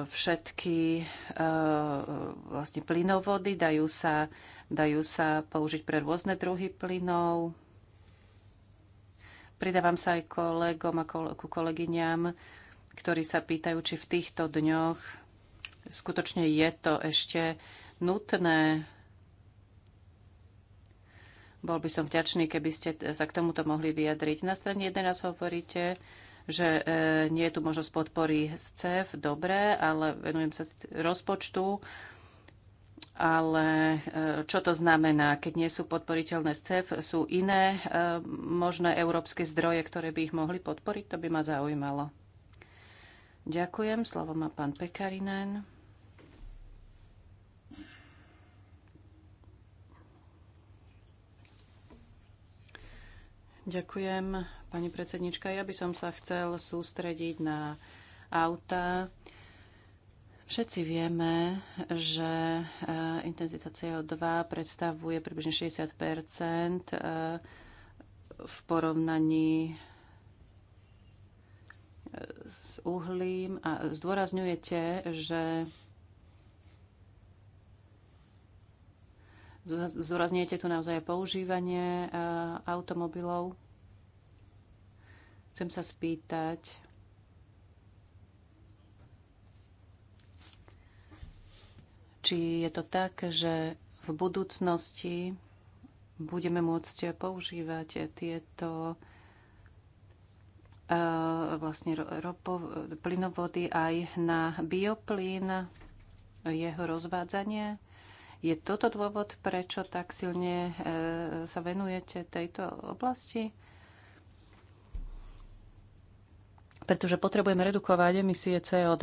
Speaker 1: všetky e, vlastne plynovody, dajú sa, dajú sa použiť pre rôzne druhy plynov. Pridávam sa aj kolegom a ku kolegyňam, ktorí sa pýtajú, či v týchto dňoch skutočne je to ešte nutné bol by som vďačný, keby ste sa k tomuto mohli vyjadriť. Na strane 11 hovoríte, že e, nie je tu možnosť podpory z CEF, dobre, ale venujem sa rozpočtu. Ale e, čo to znamená, keď nie sú podporiteľné z CEF? Sú iné e, možné európske zdroje, ktoré by ich mohli podporiť? To by ma zaujímalo. Ďakujem. Slovo má pán Pekarinen. Ďakujem, pani predsednička. Ja by som sa chcel sústrediť na auta. Všetci vieme, že eh, intenzita CO2 predstavuje približne 60 eh, v porovnaní eh, s uhlím a zdôrazňujete, že Zúrazňujete tu naozaj používanie e, automobilov. Chcem sa spýtať, či je to tak, že v budúcnosti budeme môcť používať tieto e, vlastne ropo, plynovody aj na bioplyn, jeho rozvádzanie. Je toto dôvod, prečo tak silne e, sa venujete tejto oblasti? Pretože potrebujeme redukovať emisie CO2.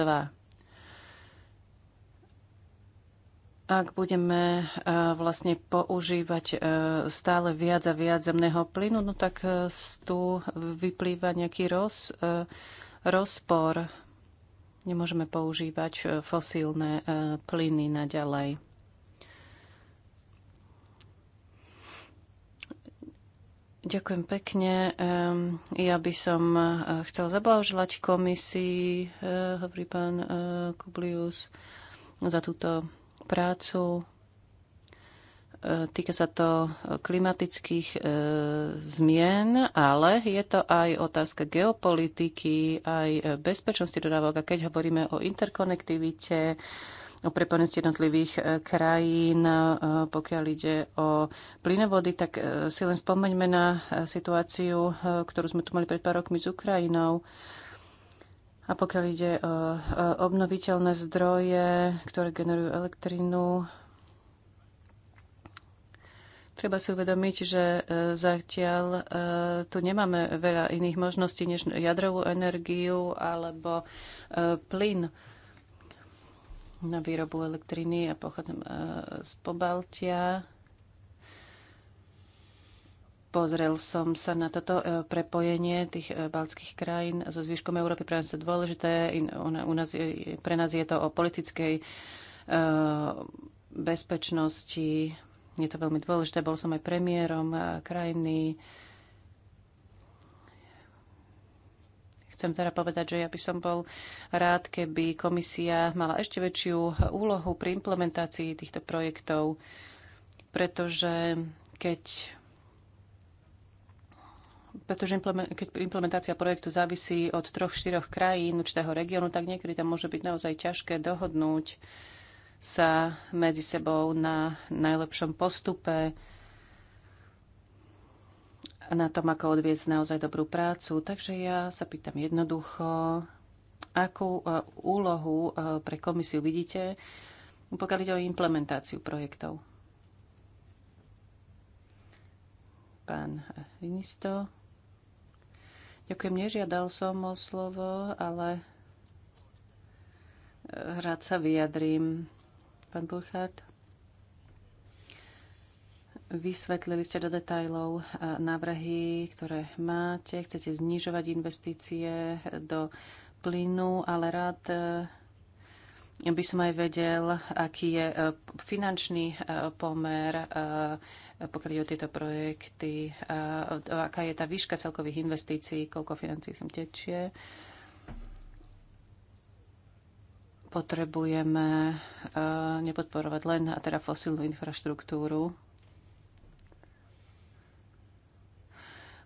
Speaker 1: ak budeme e, vlastne používať e, stále viac a viac zemného plynu, no tak tu vyplýva nejaký roz, rozpor. Nemôžeme používať fosílne plyny naďalej. Ďakujem pekne. Ja by som eh, chcel zablahoželať komisii, eh, hovorí pán eh, Kublius, za túto prácu. Týka sa to klimatických zmien, ale je to aj otázka geopolitiky, aj bezpečnosti dodávok. A keď hovoríme o interkonektivite, o prepojenosti jednotlivých e, krajín, e, pokiaľ ide o plynovody, tak e, si len spomeňme na situáciu, ktorú sme tu mali pred pár rokmi s Ukrajinou. A pokiaľ ide o obnoviteľné zdroje, ktoré generujú elektrínu, treba si uvedomiť, že zatiaľ tu nemáme veľa iných možností než jadrovú energiu alebo plyn na výrobu elektriny a pochádzam e, z Pobaltia. Pozrel som sa na toto e, prepojenie tých e, baltských krajín so zvyškom Európy. Pre nás je dôležité. U nás je, pre nás je to o politickej bezpečnosti. Je to veľmi dôležité. Bol som aj premiérom krajiny Chcem teda povedať, že ja by som bol rád, keby komisia mala ešte väčšiu úlohu pri implementácii týchto projektov, pretože keď pretože keď implementácia projektu závisí od troch, štyroch krajín určitého regiónu, tak niekedy tam môže byť naozaj ťažké dohodnúť sa medzi sebou na najlepšom postupe, na tom, ako odviesť naozaj dobrú prácu. Takže ja sa pýtam jednoducho, akú e, úlohu e, pre komisiu vidíte, pokiaľ ide o implementáciu projektov. Pán Rinisto. Ďakujem, nežiadal som o slovo, ale e, rád sa vyjadrím. Pán Burchardt. Vysvetlili ste do detajlov eh, návrhy, ktoré máte. Chcete znižovať investície do plynu, ale rád eh, by som aj vedel, aký je eh, finančný pomer, pokiaľ o tieto projekty, aká je tá výška celkových investícií, koľko financí sem tečie. Potrebujeme nepodporovať len teda fosílnu infraštruktúru,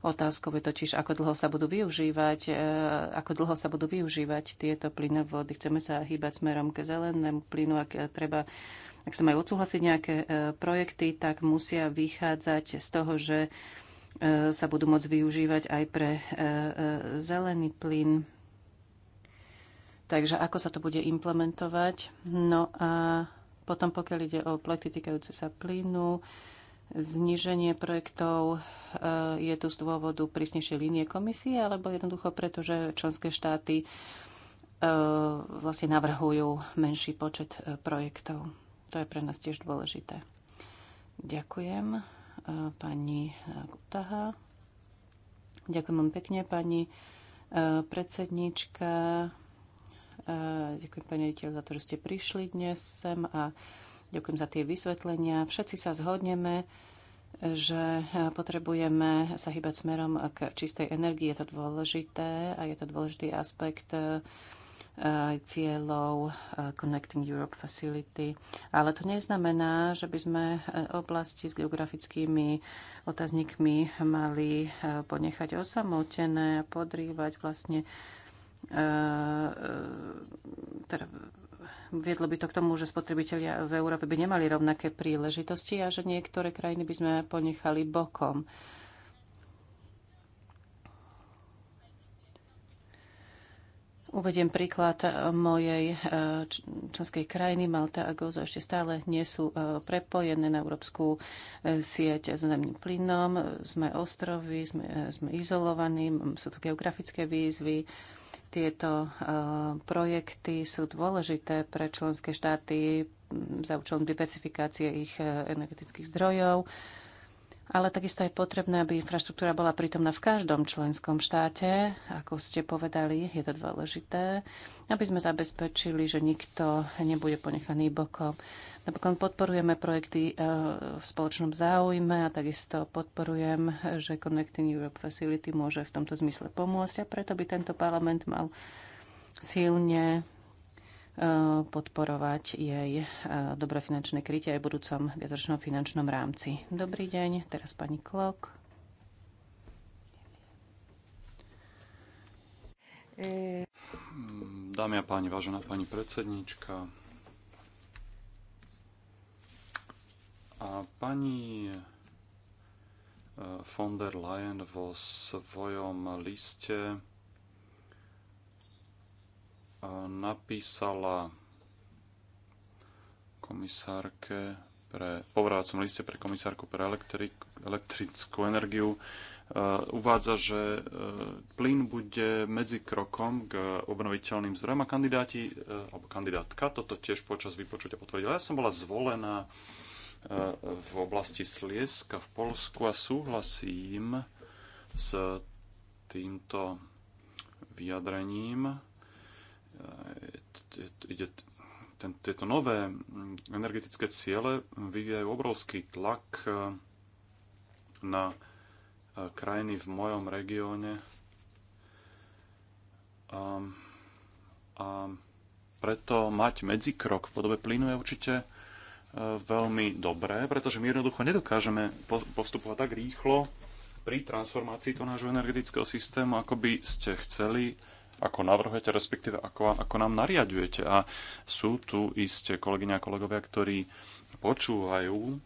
Speaker 1: Otázkou je totiž, ako dlho sa budú využívať, e, ako dlho sa budú využívať tieto plynovody. Chceme sa hýbať smerom k zelenému plynu, ak treba ak sa majú odsúhlasiť nejaké e, projekty, tak musia vychádzať z toho, že e, sa budú môcť využívať aj pre zelený plyn. Takže ako sa to bude implementovať? No a potom, pokiaľ ide o plety týkajúce sa plynu, Zníženie projektov e, je tu z dôvodu prísnejšej línie komisie, alebo jednoducho preto, že členské štáty e, vlastne navrhujú menší počet e, projektov. To je pre nás tiež dôležité. Ďakujem pani Kutaha. Ďakujem vám pekne pani predsednička. Ďakujem pani rediteľ za to, že ste prišli dnes sem a Ďakujem za tie vysvetlenia. Všetci sa zhodneme, že potrebujeme sa hýbať smerom k čistej energii. Je to dôležité a je to dôležitý aspekt eh, cieľov eh, Connecting Europe Facility. Ale to neznamená, že by sme eh, oblasti s geografickými otáznikmi mali ponechať osamotené a podrývať vlastne teda viedlo by to k tomu, že spotrebitelia v Európe by nemali rovnaké príležitosti a že niektoré krajiny by sme ponechali bokom. Uvediem príklad mojej eh, členskej krajiny. Malta a Gozo ešte stále nie sú eh, prepojené na európsku eh, sieť s zemným plynom. Sme ostrovy, sme, sme izolovaní, sú tu geografické výzvy. Tieto e, projekty sú dôležité pre členské štáty za účelom diversifikácie ich e, energetických zdrojov ale takisto je potrebné, aby infraštruktúra bola prítomná v každom členskom štáte. Ako ste povedali, je to dôležité, aby sme zabezpečili, že nikto nebude ponechaný bokom. Napokon podporujeme projekty e, v spoločnom záujme a takisto podporujem, že Connecting Europe Facility môže v tomto zmysle pomôcť a preto by tento parlament mal silne Eh, podporovať jej eh, dobré finančné krytie aj v budúcom viacročnom finančnom rámci. Dobrý deň, teraz pani Klok.
Speaker 3: Dámy a páni, vážená pani predsednička a pani eh, von der Leyen vo svojom liste napísala komisárke pre povrácom liste pre komisárku pre elektrik, elektrickú energiu e, uvádza, že e, plyn bude medzi krokom k obnoviteľným zdrojom a kandidáti, e, alebo kandidátka, toto tiež počas vypočutia potvrdila. Ja som bola zvolená v oblasti Slieska v Polsku a súhlasím s týmto vyjadrením E, ide, ten, tieto nové energetické ciele vyvíjajú obrovský tlak e, na e, krajiny v mojom regióne. A, a preto mať medzikrok v podobe plynu je určite veľmi dobré, pretože my jednoducho nedokážeme postupovať tak rýchlo pri transformácii toho nášho energetického systému, ako by ste chceli ako navrhujete, respektíve ako, ako nám nariadujete. A sú tu iste kolegyňa a kolegovia, ktorí počúvajú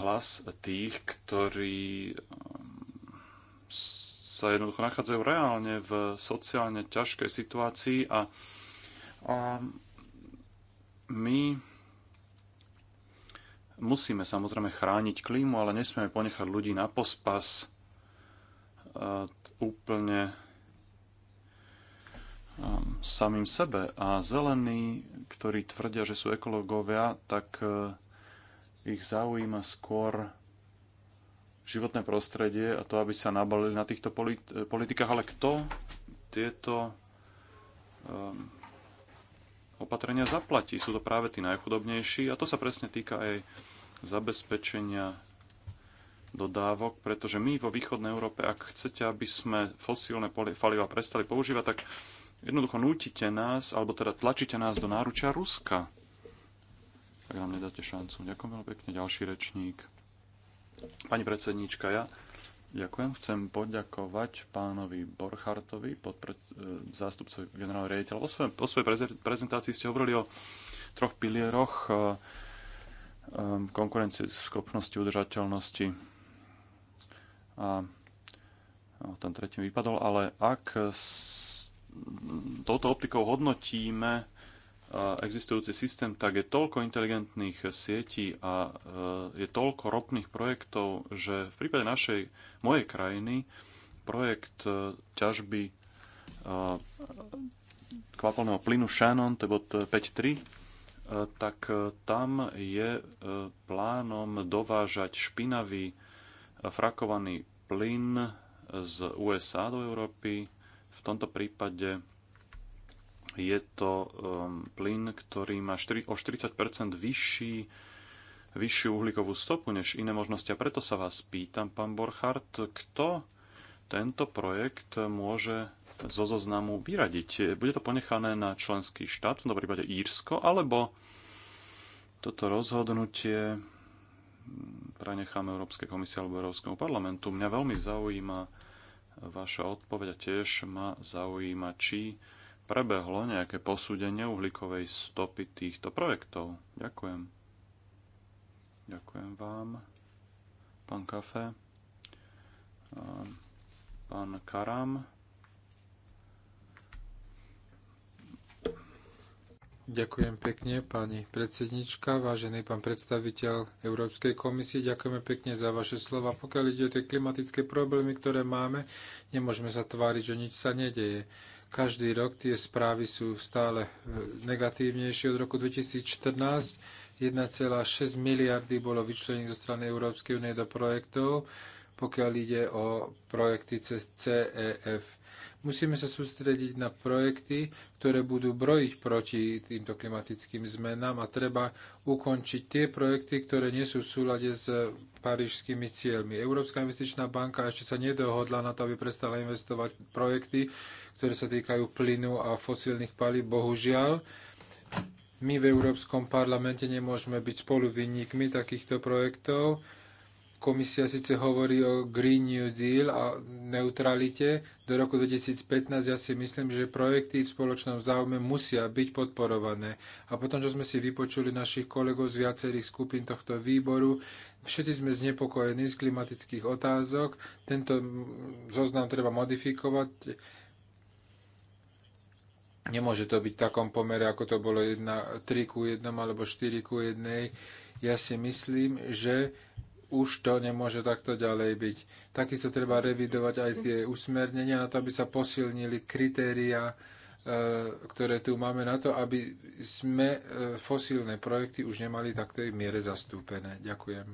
Speaker 3: hlas tých, ktorí um, sa jednoducho nachádzajú reálne v sociálne ťažkej situácii a, a my musíme samozrejme chrániť klímu, ale nesmieme ponechať ľudí na pospas uh, úplne samým sebe. A zelení, ktorí tvrdia, že sú ekológovia, tak e, ich zaujíma skôr životné prostredie a to, aby sa nabalili na týchto polit- e, politikách. Ale kto tieto um, opatrenia zaplatí? Sú to práve tí najchudobnejší a to sa presne týka aj zabezpečenia dodávok, pretože my vo východnej Európe, ak chcete, aby sme fosílne paliva prestali používať, tak Jednoducho nútite nás, alebo teda tlačíte nás do náručia Ruska. Tak nám nedáte šancu. Ďakujem veľmi pekne. Ďalší rečník. Pani predsedníčka, ja ďakujem. Chcem poďakovať pánovi Borchartovi, podpred, e, zástupcovi generálneho riaditeľa. O svojej, o svojej prezentácii ste hovorili o troch pilieroch e, e, konkurencie, schopnosti, udržateľnosti. A ten tretím vypadol, ale ak s touto optikou hodnotíme e, existujúci systém, tak je toľko inteligentných sietí a e, je toľko ropných projektov, že v prípade našej, mojej krajiny, projekt e, ťažby kvapalného plynu Shannon, to je bod 5.3, tak tam je plánom dovážať špinavý frakovaný plyn z USA do Európy v tomto prípade je to um, plyn, ktorý má o 40 vyšší, vyššiu uhlíkovú stopu než iné možnosti. A preto sa vás pýtam, pán Borchardt, kto tento projekt môže zo zoznamu vyradiť. Bude to ponechané na členský štát, v tomto prípade Írsko, alebo toto rozhodnutie prenecháme Európskej komisie alebo Európskemu parlamentu. Mňa veľmi zaujíma, vaša odpoveď a tiež ma zaujíma, či prebehlo nejaké posúdenie uhlíkovej stopy týchto projektov. Ďakujem. Ďakujem vám, pán Kafe,
Speaker 2: pán Karam. Ďakujem pekne, pani predsednička, vážený pán predstaviteľ Európskej komisie. Ďakujeme pekne za vaše slova. Pokiaľ ide o tie klimatické problémy, ktoré máme, nemôžeme sa tváriť, že nič sa nedeje. Každý rok tie správy sú stále e, negatívnejšie. Od roku 2014 1,6 miliardy bolo vyčlených zo strany Európskej únie do projektov, pokiaľ ide o projekty cez CEF. Musíme sa sústrediť na projekty, ktoré budú brojiť proti týmto klimatickým zmenám a treba ukončiť tie projekty, ktoré nie sú v súlade s parížskými cieľmi. Európska investičná banka ešte sa nedohodla na to, aby prestala investovať projekty, ktoré sa týkajú plynu a fosílnych palív. Bohužiaľ, my v Európskom parlamente nemôžeme byť spoluvinníkmi takýchto projektov Komisia síce hovorí o Green New Deal a neutralite do roku 2015, ja si myslím, že projekty v spoločnom záujme musia byť podporované. A potom, čo sme si vypočuli našich kolegov z viacerých skupín tohto výboru, všetci sme znepokojení z klimatických otázok. Tento zoznam treba modifikovať. Nemôže to byť v takom pomere, ako to bolo 1, 3 ku 1 alebo 4 ku 1. Ja si myslím, že už to nemôže takto ďalej byť. Takisto treba revidovať aj tie usmernenia na to, aby sa posilnili kritéria, e, ktoré tu máme na to, aby sme e, fosílne projekty už nemali takto v miere zastúpené. Ďakujem.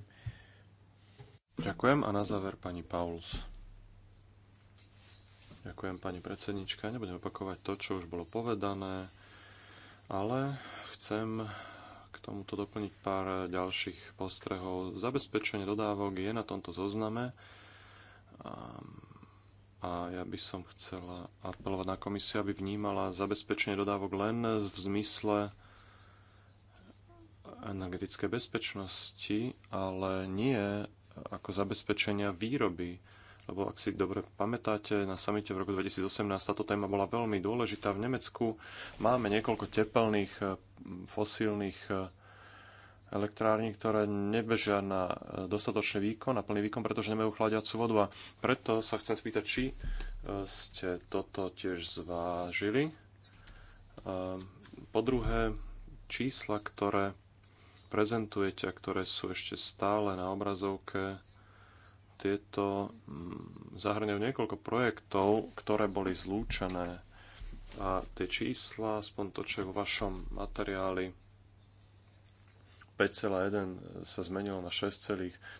Speaker 3: Ďakujem a na záver pani Pauls. Ďakujem pani predsednička. Nebudem opakovať to, čo už bolo povedané, ale chcem tomuto doplniť pár ďalších postrehov. Zabezpečenie dodávok je na tomto zozname a ja by som chcela apelovať na komisiu, aby vnímala zabezpečenie dodávok len v zmysle energetickej bezpečnosti, ale nie ako zabezpečenia výroby lebo ak si dobre pamätáte, na samite v roku 2018 táto téma bola veľmi dôležitá. V Nemecku máme niekoľko tepelných eh, fosílnych eh, elektrární, ktoré nebežia na eh, dostatočný výkon, na plný výkon, pretože nemajú chladiacu vodu. A preto sa chcem spýtať, či ste toto tiež zvážili. Po druhé, čísla, ktoré prezentujete a ktoré sú ešte stále na obrazovke, tieto mm, zahrňajú niekoľko projektov, ktoré boli zlúčené a tie čísla, aspoň to, čo je vo vašom materiáli, 5,1 sa zmenilo na 6,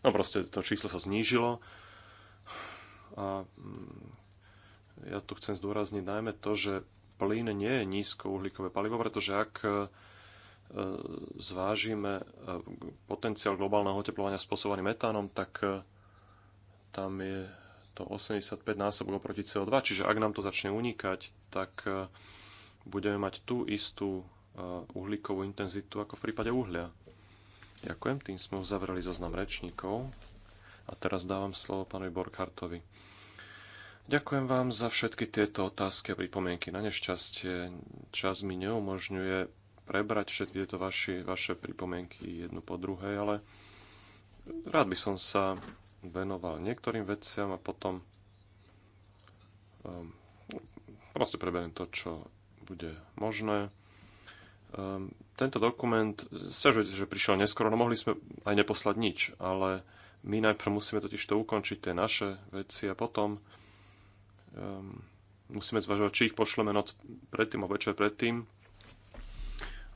Speaker 3: no proste to číslo sa znížilo a mm, ja tu chcem zdôrazniť najmä to, že plyn nie je nízkouhlíkové palivo, pretože ak e, zvážime e, potenciál globálneho oteplovania spôsobovaný metánom, tak e, tam je to 85 násobok oproti CO2, čiže ak nám to začne unikať, tak e, budeme mať tú istú e, uhlíkovú intenzitu ako v prípade uhlia. Ďakujem, tým sme uzavreli zoznam rečníkov. A teraz dávam slovo pánovi Borkartovi. Ďakujem vám za všetky tieto otázky a pripomienky. Na nešťastie čas mi neumožňuje prebrať všetky tieto vaši, vaše pripomienky jednu po druhej, ale rád by som sa venoval niektorým veciam a potom um, proste preberiem to, čo bude možné. Um, tento dokument, stiažujete, že prišiel neskoro, no mohli sme aj neposlať nič, ale my najprv musíme totiž to ukončiť, tie naše veci a potom um, musíme zvažovať, či ich pošleme noc predtým a večer predtým,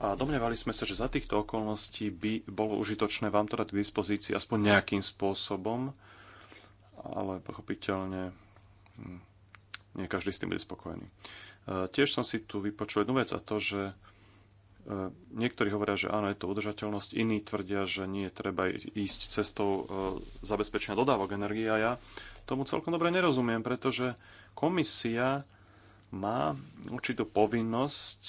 Speaker 3: a domnievali sme sa, že za týchto okolností by bolo užitočné vám to dať k dispozícii aspoň nejakým spôsobom, ale pochopiteľne hm, nie každý s tým bude spokojný. E, tiež som si tu vypočul jednu vec a to, že e, niektorí hovoria, že áno, je to udržateľnosť, iní tvrdia, že nie treba ísť cestou e, zabezpečenia dodávok energie a ja tomu celkom dobre nerozumiem, pretože komisia má určitú povinnosť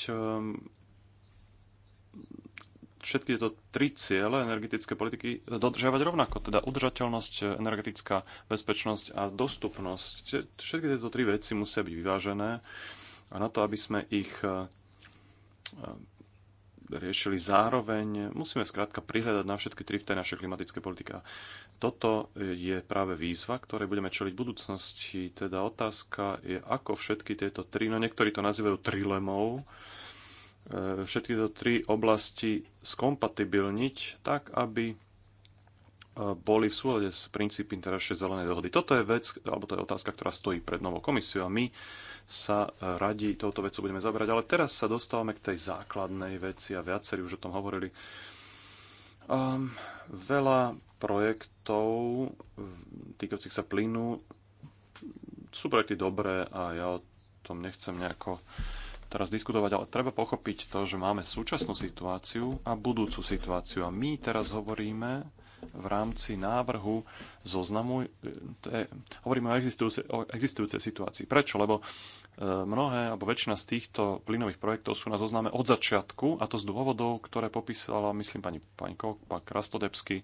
Speaker 3: všetky tieto tri ciele energetické politiky dodržiavať rovnako, teda udržateľnosť, energetická bezpečnosť a dostupnosť. Všetky tieto tri veci musia byť vyvážené a na to, aby sme ich eh, eh, riešili zároveň, musíme skrátka prihľadať na všetky tri v tej našej klimatickej politike. Toto je práve výzva, ktorej budeme čeliť v budúcnosti. Teda otázka je, ako všetky tieto tri, no niektorí to nazývajú trilemou, E, všetky tieto tri oblasti skompatibilniť tak, aby e, boli v súlade s princípy terajšej zelenej dohody. Toto je vec, alebo to je otázka, ktorá stojí pred novou komisiou a my sa e, radi touto vecou budeme zabrať. Ale teraz sa dostávame k tej základnej veci a viacerí už o tom hovorili. Um, veľa projektov týkajúcich sa plynu sú projekty dobré a ja o tom nechcem nejako uh, teraz diskutovať, ale treba pochopiť to, že máme súčasnú situáciu a budúcu situáciu. A my teraz hovoríme v rámci návrhu zoznamu, je, hovoríme o existujúcej, o existujúcej situácii. Prečo? Lebo e, mnohé, alebo väčšina z týchto plynových projektov sú na zozname od začiatku, a to z dôvodov, ktoré popísala, myslím, pani, pani Kok, pán Krastodebsky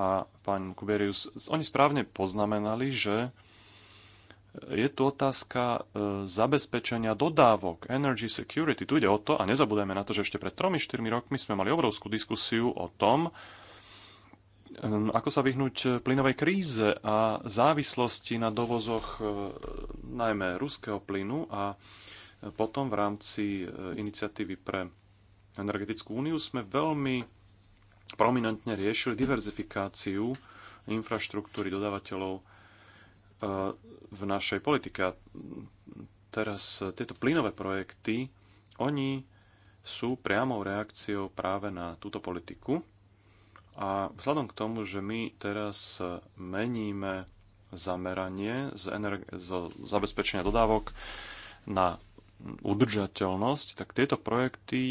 Speaker 3: a pán Kuberius. Oni správne poznamenali, že je tu otázka e, zabezpečenia dodávok, energy security. Tu ide o to, a nezabudajme na to, že ešte pred 3-4 rokmi sme mali obrovskú diskusiu o tom, ako sa vyhnúť e, plynovej kríze a závislosti na dovozoch e, najmä ruského plynu a potom v rámci iniciatívy pre energetickú úniu sme veľmi prominentne riešili diverzifikáciu infraštruktúry dodávateľov Eh, v našej politike. A teraz tieto plynové projekty, oni sú priamou reakciou práve na túto politiku. A vzhľadom k tomu, že my teraz meníme zameranie z, z zabezpečenia dodávok na udržateľnosť, tak tieto projekty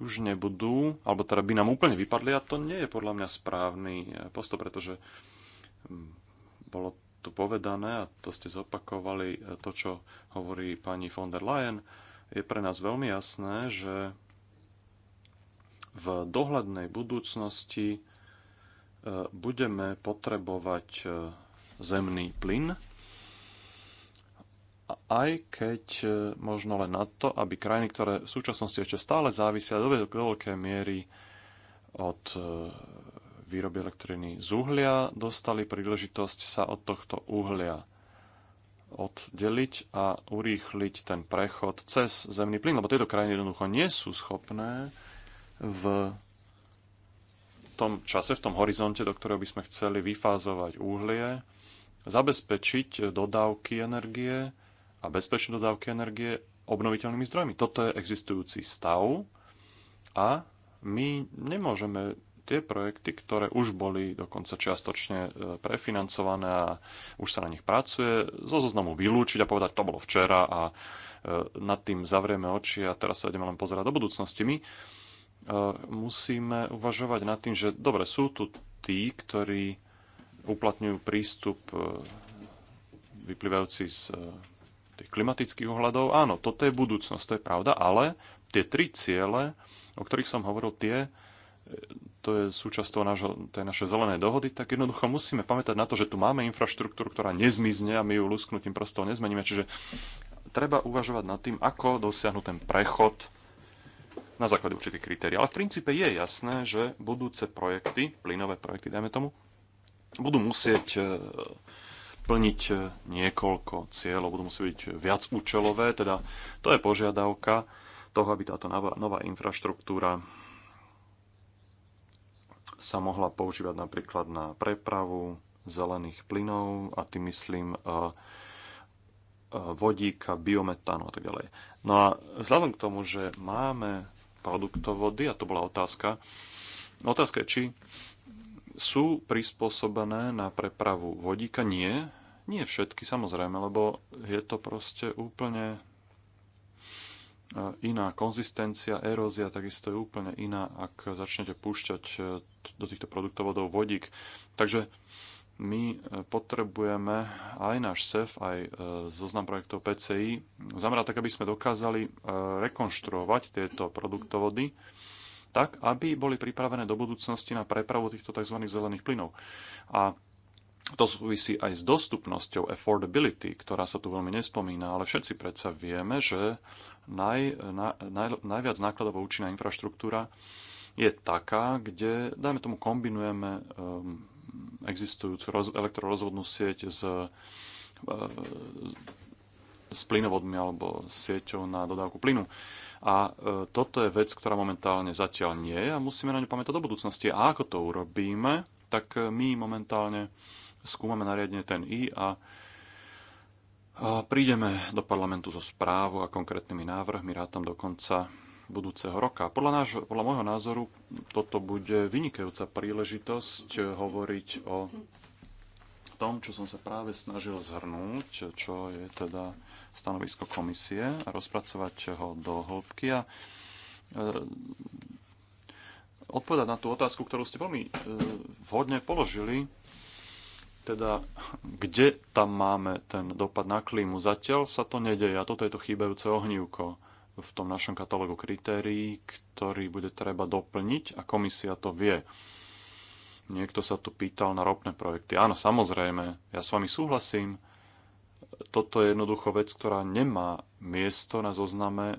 Speaker 3: už nebudú, alebo teda by nám úplne vypadli a to nie je podľa mňa správny postup, pretože hm, bolo tu povedané, a to ste zopakovali, e, to, čo hovorí pani von der Leyen, je pre nás veľmi jasné, že v dohľadnej budúcnosti e, budeme potrebovať e, zemný plyn, aj keď možno len na to, aby krajiny, ktoré v súčasnosti ešte stále závisia do veľkej miery od výroby elektriny z uhlia dostali príležitosť sa od tohto uhlia oddeliť a urýchliť ten prechod cez zemný plyn, lebo tieto krajiny jednoducho nie sú schopné v tom čase, v tom horizonte, do ktorého by sme chceli vyfázovať uhlie, zabezpečiť dodávky energie a bezpečné dodávky energie obnoviteľnými zdrojmi. Toto je existujúci stav a my nemôžeme tie projekty, ktoré už boli dokonca čiastočne e, prefinancované a už sa na nich pracuje, zo zoznamu vylúčiť a povedať, to bolo včera a e, nad tým zavrieme oči a teraz sa ideme len pozerať do budúcnosti. My e, musíme uvažovať nad tým, že dobre, sú tu tí, ktorí uplatňujú prístup vyplývajúci z tých klimatických ohľadov. Áno, toto je budúcnosť, to je pravda, ale tie tri ciele, o ktorých som hovoril, tie to je súčasť toho nášho, tej našej zelenej dohody, tak jednoducho musíme pamätať na to, že tu máme infraštruktúru, ktorá nezmizne a my ju lusknutím prstov nezmeníme. Čiže treba uvažovať nad tým, ako dosiahnuť ten prechod na základe určitých kritérií. Ale v princípe je jasné, že budúce projekty, plynové projekty, dajme tomu, budú musieť e, plniť e, niekoľko cieľov, budú musieť byť viac účelové, teda to je požiadavka toho, aby táto nová, nová infraštruktúra sa mohla používať napríklad na prepravu zelených plynov a tým myslím e, e, vodíka, biometánu a tak ďalej. No a vzhľadom k tomu, že máme produktovody, a to bola otázka, otázka je, či sú prispôsobené na prepravu vodíka? Nie, nie všetky, samozrejme, lebo je to proste úplne iná konzistencia, erózia takisto je úplne iná, ak začnete púšťať e, do týchto produktovodov vodík. Takže my e, potrebujeme aj náš SEF, aj e, zoznam projektov PCI zamerať tak, aby sme dokázali rekonštruovať tieto produktovody tak, aby boli pripravené do budúcnosti na prepravu týchto tzv. zelených plynov. A to súvisí aj s dostupnosťou affordability, ktorá sa tu veľmi nespomína, ale všetci predsa vieme, že naj, na, naj, najviac nákladovo účinná infraštruktúra je taká, kde, dajme tomu, kombinujeme um, existujúcu roz, elektrorozvodnú sieť s, uh, s plynovodmi alebo sieťou na dodávku plynu. A uh, toto je vec, ktorá momentálne zatiaľ nie je a musíme na ňu pamätať do budúcnosti. A ako to urobíme, tak uh, my momentálne skúmame nariadenie ten I a uh, Prídeme do parlamentu so správou a konkrétnymi návrhmi, rátam do konca budúceho roka. Podľa, náš, podľa môjho názoru toto bude vynikajúca príležitosť eh, hovoriť o tom, čo som sa práve snažil zhrnúť, čo je teda stanovisko komisie a rozpracovať ho do hĺbky a eh, odpovedať na tú otázku, ktorú ste veľmi eh, vhodne položili, teda <laughs> kde tam máme ten dopad na klímu. Zatiaľ sa to nedeje a toto je to chýbajúce ohnívko v tom našom katalógu kritérií, ktorý bude treba doplniť a komisia to vie. Niekto sa tu pýtal na ropné projekty. Áno, samozrejme, ja s vami súhlasím. Toto je jednoducho vec, ktorá nemá miesto na zozname e,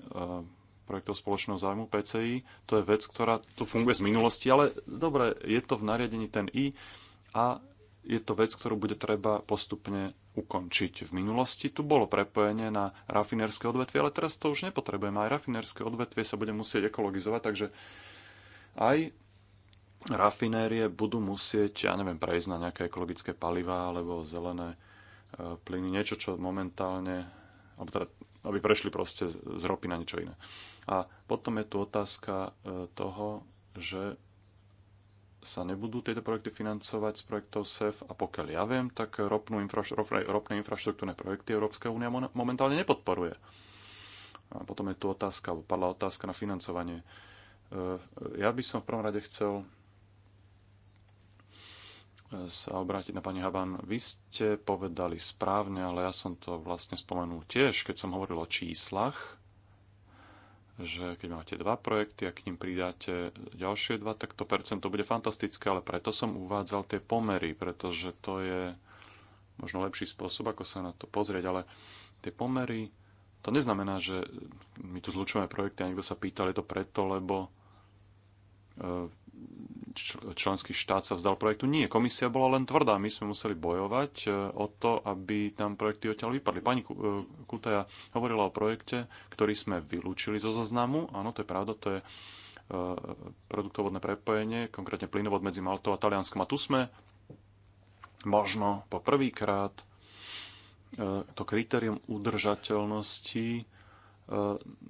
Speaker 3: projektov spoločného zájmu PCI. To je vec, ktorá tu funguje z minulosti, ale dobre, je to v nariadení ten I a je to vec, ktorú bude treba postupne ukončiť. V minulosti tu bolo prepojenie na rafinérske odvetvie, ale teraz to už nepotrebujeme. Aj rafinérske odvetvie sa bude musieť ekologizovať, takže aj rafinérie budú musieť, ja neviem, prejsť na nejaké ekologické paliva alebo zelené e, plyny, niečo, čo momentálne, alebo teda, aby prešli proste z ropy na niečo iné. A potom je tu otázka e, toho, že sa nebudú tieto projekty financovať z projektov SEF a pokiaľ ja viem, tak ropnú infraš- ropné infraštruktúrne projekty Európska únia momentálne nepodporuje. A potom je tu otázka, alebo padla otázka na financovanie. E, ja by som v prvom rade chcel e, sa obrátiť na pani Haban. Vy ste povedali správne, ale ja som to vlastne spomenul tiež, keď som hovoril o číslach že keď máte dva projekty a k ním pridáte ďalšie dva, tak to percento bude fantastické, ale preto som uvádzal tie pomery, pretože to je možno lepší spôsob, ako sa na to pozrieť, ale tie pomery, to neznamená, že my tu zlučujeme projekty a niekto sa pýtal, je to preto, lebo e, členský štát sa vzdal projektu. Nie, komisia bola len tvrdá. My sme museli bojovať e, o to, aby tam projekty odtiaľ vypadli. Pani Kutaja e, hovorila o projekte, ktorý sme vylúčili zo zoznamu. Áno, to je pravda, to je e, produktovodné prepojenie, konkrétne plynovod medzi Maltou a Talianskom. A tu sme možno po prvýkrát to kritérium udržateľnosti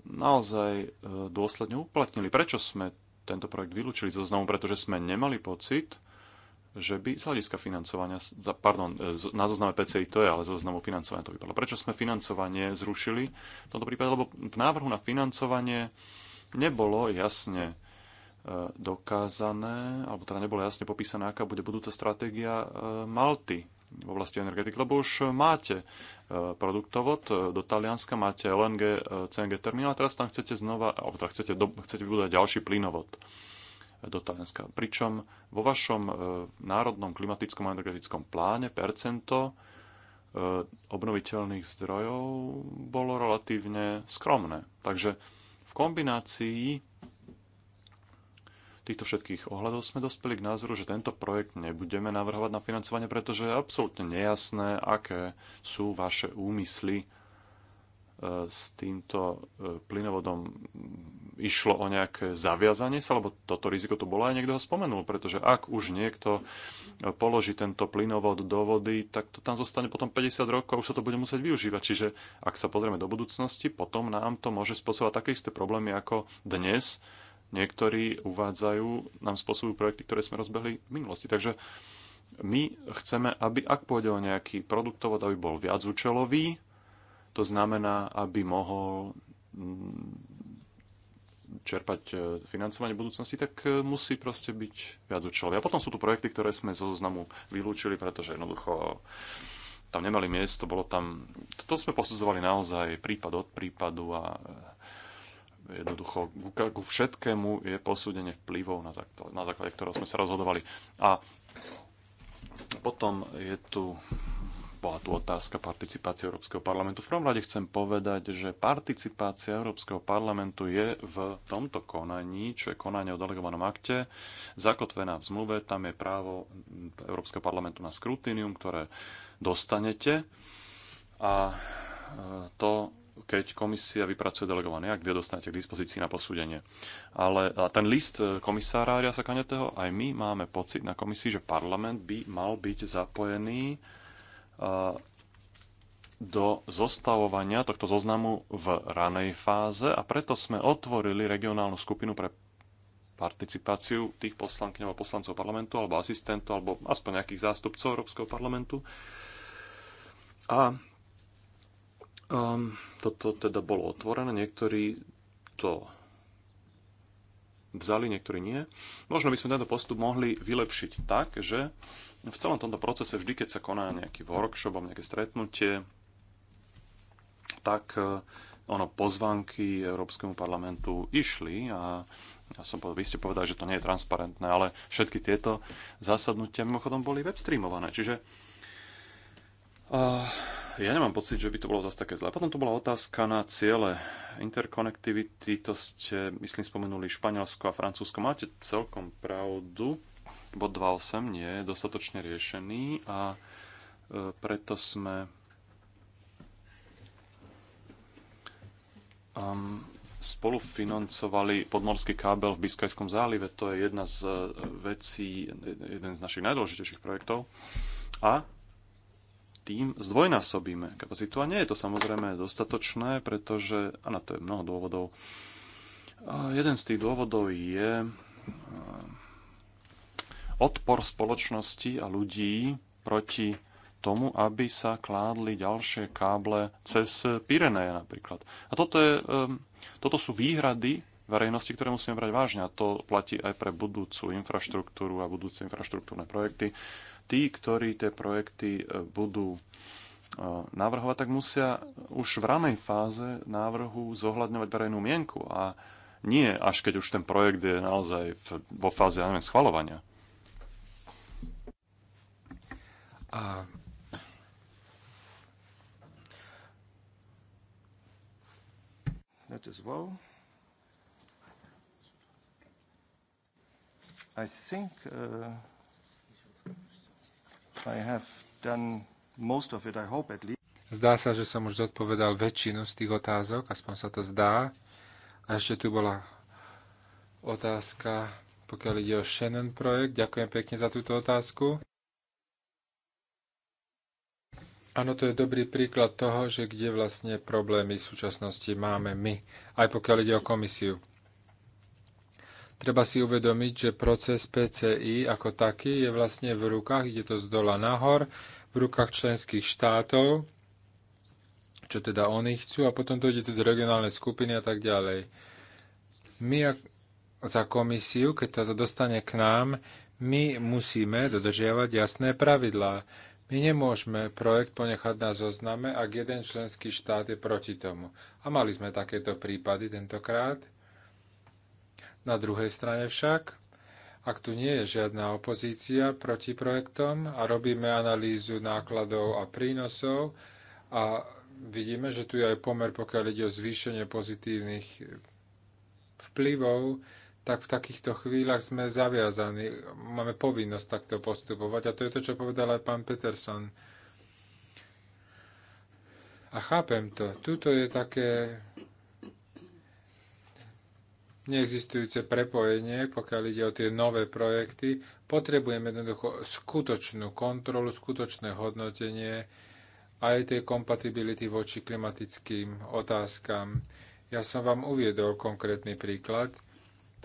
Speaker 3: naozaj dôsledne uplatnili. Prečo sme tento projekt vylúčili zo znamu, pretože sme nemali pocit, že by z hľadiska financovania, pardon, e, na zozname PCI to je, ale zoznamu financovania to vypadlo. Prečo sme financovanie zrušili v tomto prípade? Lebo v návrhu na financovanie nebolo jasne e, dokázané, alebo teda nebolo jasne popísané, aká bude budúca stratégia e, Malty v oblasti energetiky, lebo už máte e, produktovod e, do Talianska, máte LNG, e, CNG terminál, teraz tam chcete znova, alebo teda chcete, do, chcete vybudovať ďalší plynovod do Talianska. Pričom vo vašom národnom klimatickom a energetickom pláne percento obnoviteľných zdrojov bolo relatívne skromné. Takže v kombinácii týchto všetkých ohľadov sme dospeli k názoru, že tento projekt nebudeme navrhovať na financovanie, pretože je absolútne nejasné, aké sú vaše úmysly e, s týmto e, plynovodom. Išlo o nejaké zaviazanie sa, lebo toto riziko tu bolo aj niekto ho spomenul, pretože ak už niekto položí tento plynovod do vody, tak to tam zostane potom 50 rokov a už sa to bude musieť využívať. Čiže ak sa pozrieme do budúcnosti, potom nám to môže spôsobať také isté problémy ako dnes, Niektorí uvádzajú, nám spôsobujú projekty, ktoré sme rozbehli v minulosti. Takže my chceme, aby ak pôjde o nejaký produktovod, aby bol viacúčelový, to znamená, aby mohol mm, čerpať e, financovanie budúcnosti, tak e, musí proste byť viac účelový. A potom sú tu projekty, ktoré sme zo zoznamu vylúčili, pretože jednoducho tam nemali miesto, bolo tam... To sme posudzovali naozaj prípad od prípadu a e, Jednoducho, ku všetkému je posúdenie vplyvov, na, základe, na základe ktorého sme sa rozhodovali. A potom je tu bola tu otázka participácie Európskeho parlamentu. V prvom rade chcem povedať, že participácia Európskeho parlamentu je v tomto konaní, čo je konanie o delegovanom akte, zakotvená v zmluve. Tam je právo Európskeho parlamentu na skrutínium, ktoré dostanete. A e, to keď komisia vypracuje delegovaný akt, vy dostanete k dispozícii na posúdenie. Ale ten list e, komisára Riasa Kaneteho, aj my máme pocit na komisii, že parlament by mal byť zapojený e, do zostavovania tohto zoznamu v ranej fáze a preto sme otvorili regionálnu skupinu pre participáciu tých poslankyň alebo poslancov parlamentu alebo asistentov alebo aspoň nejakých zástupcov Európskeho parlamentu. A Um, toto teda bolo otvorené, niektorí to vzali, niektorí nie. Možno by sme tento postup mohli vylepšiť tak, že v celom tomto procese vždy, keď sa koná nejaký workshop alebo nejaké stretnutie, tak e, ono pozvanky Európskemu parlamentu išli a ja som povedal, vy ste povedali, že to nie je transparentné, ale všetky tieto zásadnutia mimochodom boli webstreamované. Čiže ja nemám pocit, že by to bolo zase také zlé. Potom tu bola otázka na ciele interconnectivity. To ste, myslím, spomenuli Španielsko a Francúzsko. Máte celkom pravdu. Bod 2.8 nie je dostatočne riešený a e, preto sme um, spolufinancovali podmorský kábel v Biskajskom zálive. To je jedna z e, vecí, jeden z našich najdôležitejších projektov. A tým zdvojnásobíme kapacitu. A nie je to samozrejme dostatočné, pretože, a na to je mnoho dôvodov, a jeden z tých dôvodov je odpor spoločnosti a ľudí proti tomu, aby sa kládli ďalšie káble cez Pireneje napríklad. A toto, je, toto sú výhrady verejnosti, ktoré musíme brať vážne. A to platí aj pre budúcu infraštruktúru a budúce infraštruktúrne projekty tí, ktorí tie projekty e, budú e, navrhovať, tak musia už v ranej fáze návrhu zohľadňovať verejnú mienku a nie až keď už ten projekt je naozaj vo fáze neviem, schvalovania. A that is well. I think uh, i have done most
Speaker 2: of it, I hope at least. Zdá sa, že som už zodpovedal väčšinu z tých otázok, aspoň sa to zdá. A ešte tu bola otázka, pokiaľ ide o Shannon projekt. Ďakujem pekne za túto otázku. Áno, to je dobrý príklad toho, že kde vlastne problémy v súčasnosti máme my, aj pokiaľ ide o komisiu. Treba si uvedomiť, že proces PCI ako taký je vlastne v rukách, ide to z dola nahor, v rukách členských štátov, čo teda oni chcú, a potom to ide cez regionálne skupiny a tak ďalej. My za komisiu, keď to dostane k nám, my musíme dodržiavať jasné pravidlá. My nemôžeme projekt ponechať na zozname, ak jeden členský štát je proti tomu. A mali sme takéto prípady tentokrát. Na druhej strane však, ak tu nie je žiadna opozícia proti projektom a robíme analýzu nákladov a prínosov a vidíme, že tu je aj pomer, pokiaľ ide o zvýšenie pozitívnych vplyvov, tak v takýchto chvíľach sme zaviazaní, máme povinnosť takto postupovať. A to je to, čo povedal aj pán Peterson. A chápem to. Tuto je také neexistujúce prepojenie, pokiaľ ide o tie nové projekty. Potrebujeme jednoducho skutočnú kontrolu, skutočné hodnotenie aj tej kompatibility voči klimatickým otázkam. Ja som vám uviedol konkrétny príklad.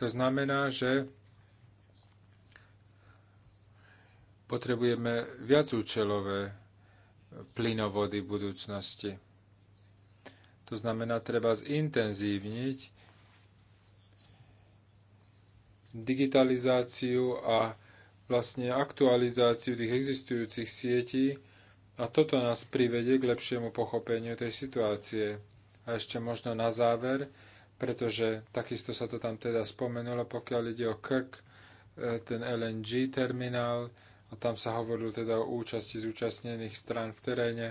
Speaker 2: To znamená, že potrebujeme viacúčelové plynovody v budúcnosti. To znamená, treba zintenzívniť digitalizáciu a vlastne aktualizáciu tých existujúcich sietí a toto nás privedie k lepšiemu pochopeniu tej situácie. A ešte možno na záver, pretože takisto sa to tam teda spomenulo, pokiaľ ide o Krk, e, ten LNG terminál, a tam sa hovorilo teda o účasti zúčastnených strán v teréne.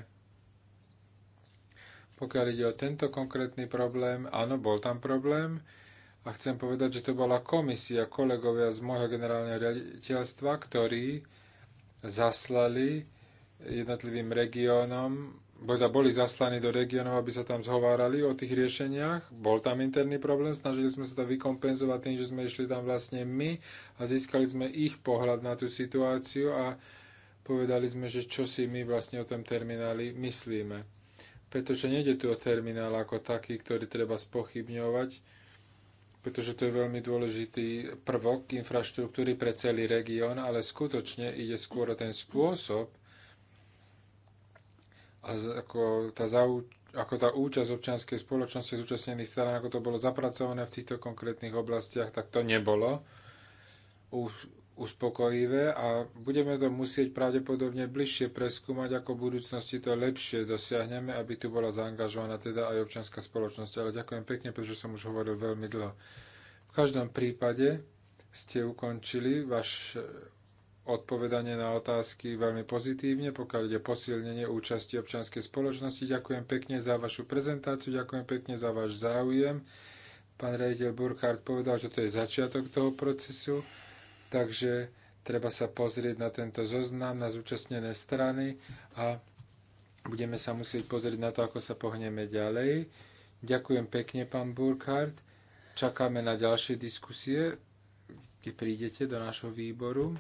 Speaker 2: Pokiaľ ide o tento konkrétny problém, áno, bol tam problém, a chcem povedať, že to bola komisia, kolegovia z môjho generálneho riaditeľstva, ktorí zaslali jednotlivým regiónom, boda boli zaslaní do regiónov, aby sa tam zhovárali o tých riešeniach. Bol tam interný problém, snažili sme sa to vykompenzovať tým, že sme išli tam vlastne my a získali sme ich pohľad na tú situáciu a povedali sme, že čo si my vlastne o tom termináli myslíme. Pretože nejde tu o terminál ako taký, ktorý treba spochybňovať, pretože to je veľmi dôležitý prvok infraštruktúry pre celý región, ale skutočne ide skôr o ten spôsob, a ako tá, zau, ako tá účasť občianskej spoločnosti zúčastnených strán, ako to bolo zapracované v týchto konkrétnych oblastiach, tak to nebolo uspokojivé a budeme to musieť pravdepodobne bližšie preskúmať, ako v budúcnosti to lepšie dosiahneme, aby tu bola zaangažovaná teda aj občianská spoločnosť. Ale ďakujem pekne, pretože som už hovoril veľmi dlho. V každom prípade ste ukončili vaš eh, odpovedanie na otázky veľmi pozitívne, pokiaľ ide posilnenie účasti občianskej spoločnosti. Ďakujem pekne za vašu prezentáciu, ďakujem pekne za váš záujem. Pán rejiteľ Burkhardt povedal, že to je začiatok toho procesu Takže treba sa pozrieť na tento zoznam, na zúčastnené strany a budeme sa musieť pozrieť na to, ako sa pohneme ďalej. Ďakujem pekne, pán Burkhardt. Čakáme na ďalšie diskusie, keď prídete do nášho výboru.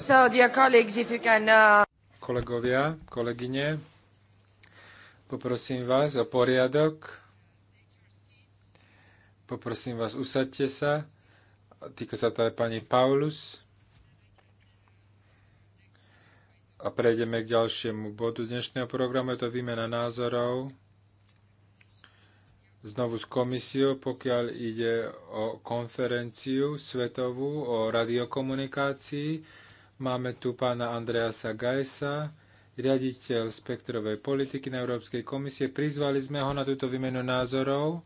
Speaker 1: Uh,
Speaker 2: Kolegovia, kolegyne, poprosím vás o poriadok. Poprosím vás, usadte sa. Týka sa to aj pani Paulus. A prejdeme k ďalšiemu bodu dnešného programu. Je to výmena názorov znovu s komisiou, pokiaľ ide o konferenciu svetovú o radiokomunikácii. Máme tu pána Andreasa Gajsa, riaditeľ spektrovej politiky na Európskej komisie. Prizvali sme ho na túto výmenu názorov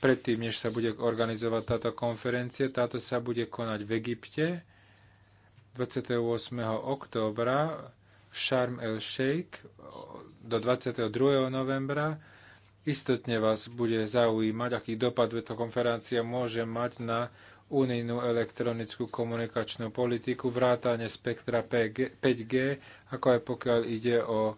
Speaker 2: predtým, než sa bude organizovať táto konferencia. Táto sa bude konať v Egypte 28. októbra v Sharm el Sheikh do 22. novembra. Istotne vás bude zaujímať, aký dopad táto konferencia môže mať na unijnú elektronickú komunikačnú politiku, vrátane spektra 5G, ako aj pokiaľ ide o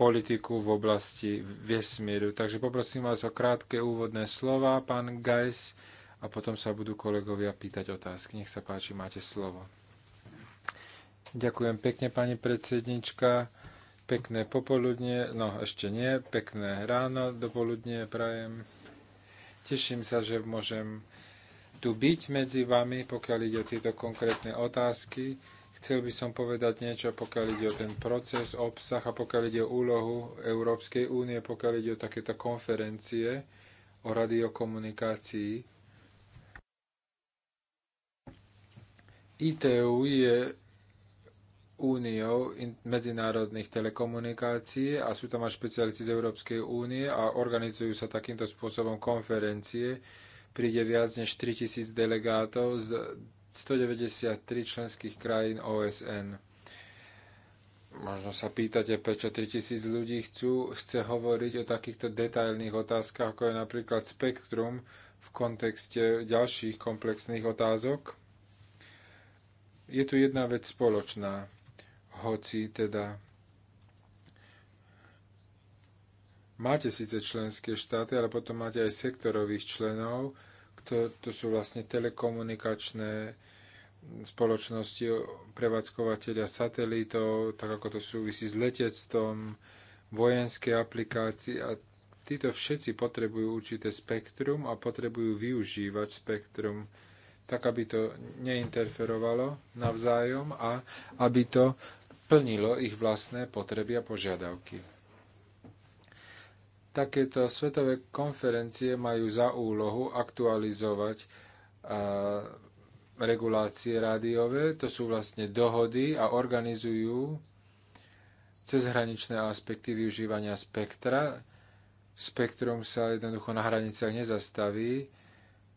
Speaker 2: politiku v oblasti vesmíru. Takže poprosím vás o krátke úvodné slova, pán Gajs, a potom sa budú kolegovia pýtať otázky. Nech sa páči, máte slovo. Ďakujem pekne, pani predsednička. Pekné popoludne, no ešte nie, pekné ráno, dopoludne prajem. Teším sa, že môžem tu byť medzi vami, pokiaľ ide o tieto konkrétne otázky. Chcel by som povedať niečo, pokiaľ ide o ten proces, obsah a pokiaľ ide o úlohu Európskej únie, pokiaľ ide o takéto konferencie o radiokomunikácii. ITU je úniou medzinárodných telekomunikácií a sú tam aj špecialisti z Európskej únie a organizujú sa takýmto spôsobom konferencie, príde viac než 3000 delegátov z 193 členských krajín OSN. Možno sa pýtate, prečo 3000 ľudí chcú, chce hovoriť o takýchto detailných otázkach, ako je napríklad spektrum v kontexte ďalších komplexných otázok. Je tu jedna vec spoločná, hoci teda Máte síce členské štáty, ale potom máte aj sektorových členov, to, to sú vlastne telekomunikačné spoločnosti, prevádzkovateľia satelítov, tak ako to súvisí s letectvom, vojenské aplikácie a títo všetci potrebujú určité spektrum a potrebujú využívať spektrum tak, aby to neinterferovalo navzájom a aby to plnilo ich vlastné potreby a požiadavky. Takéto svetové konferencie majú za úlohu aktualizovať regulácie rádiové, to sú vlastne dohody a organizujú cezhraničné aspekty využívania spektra. Spektrum sa jednoducho na hraniciach nezastaví,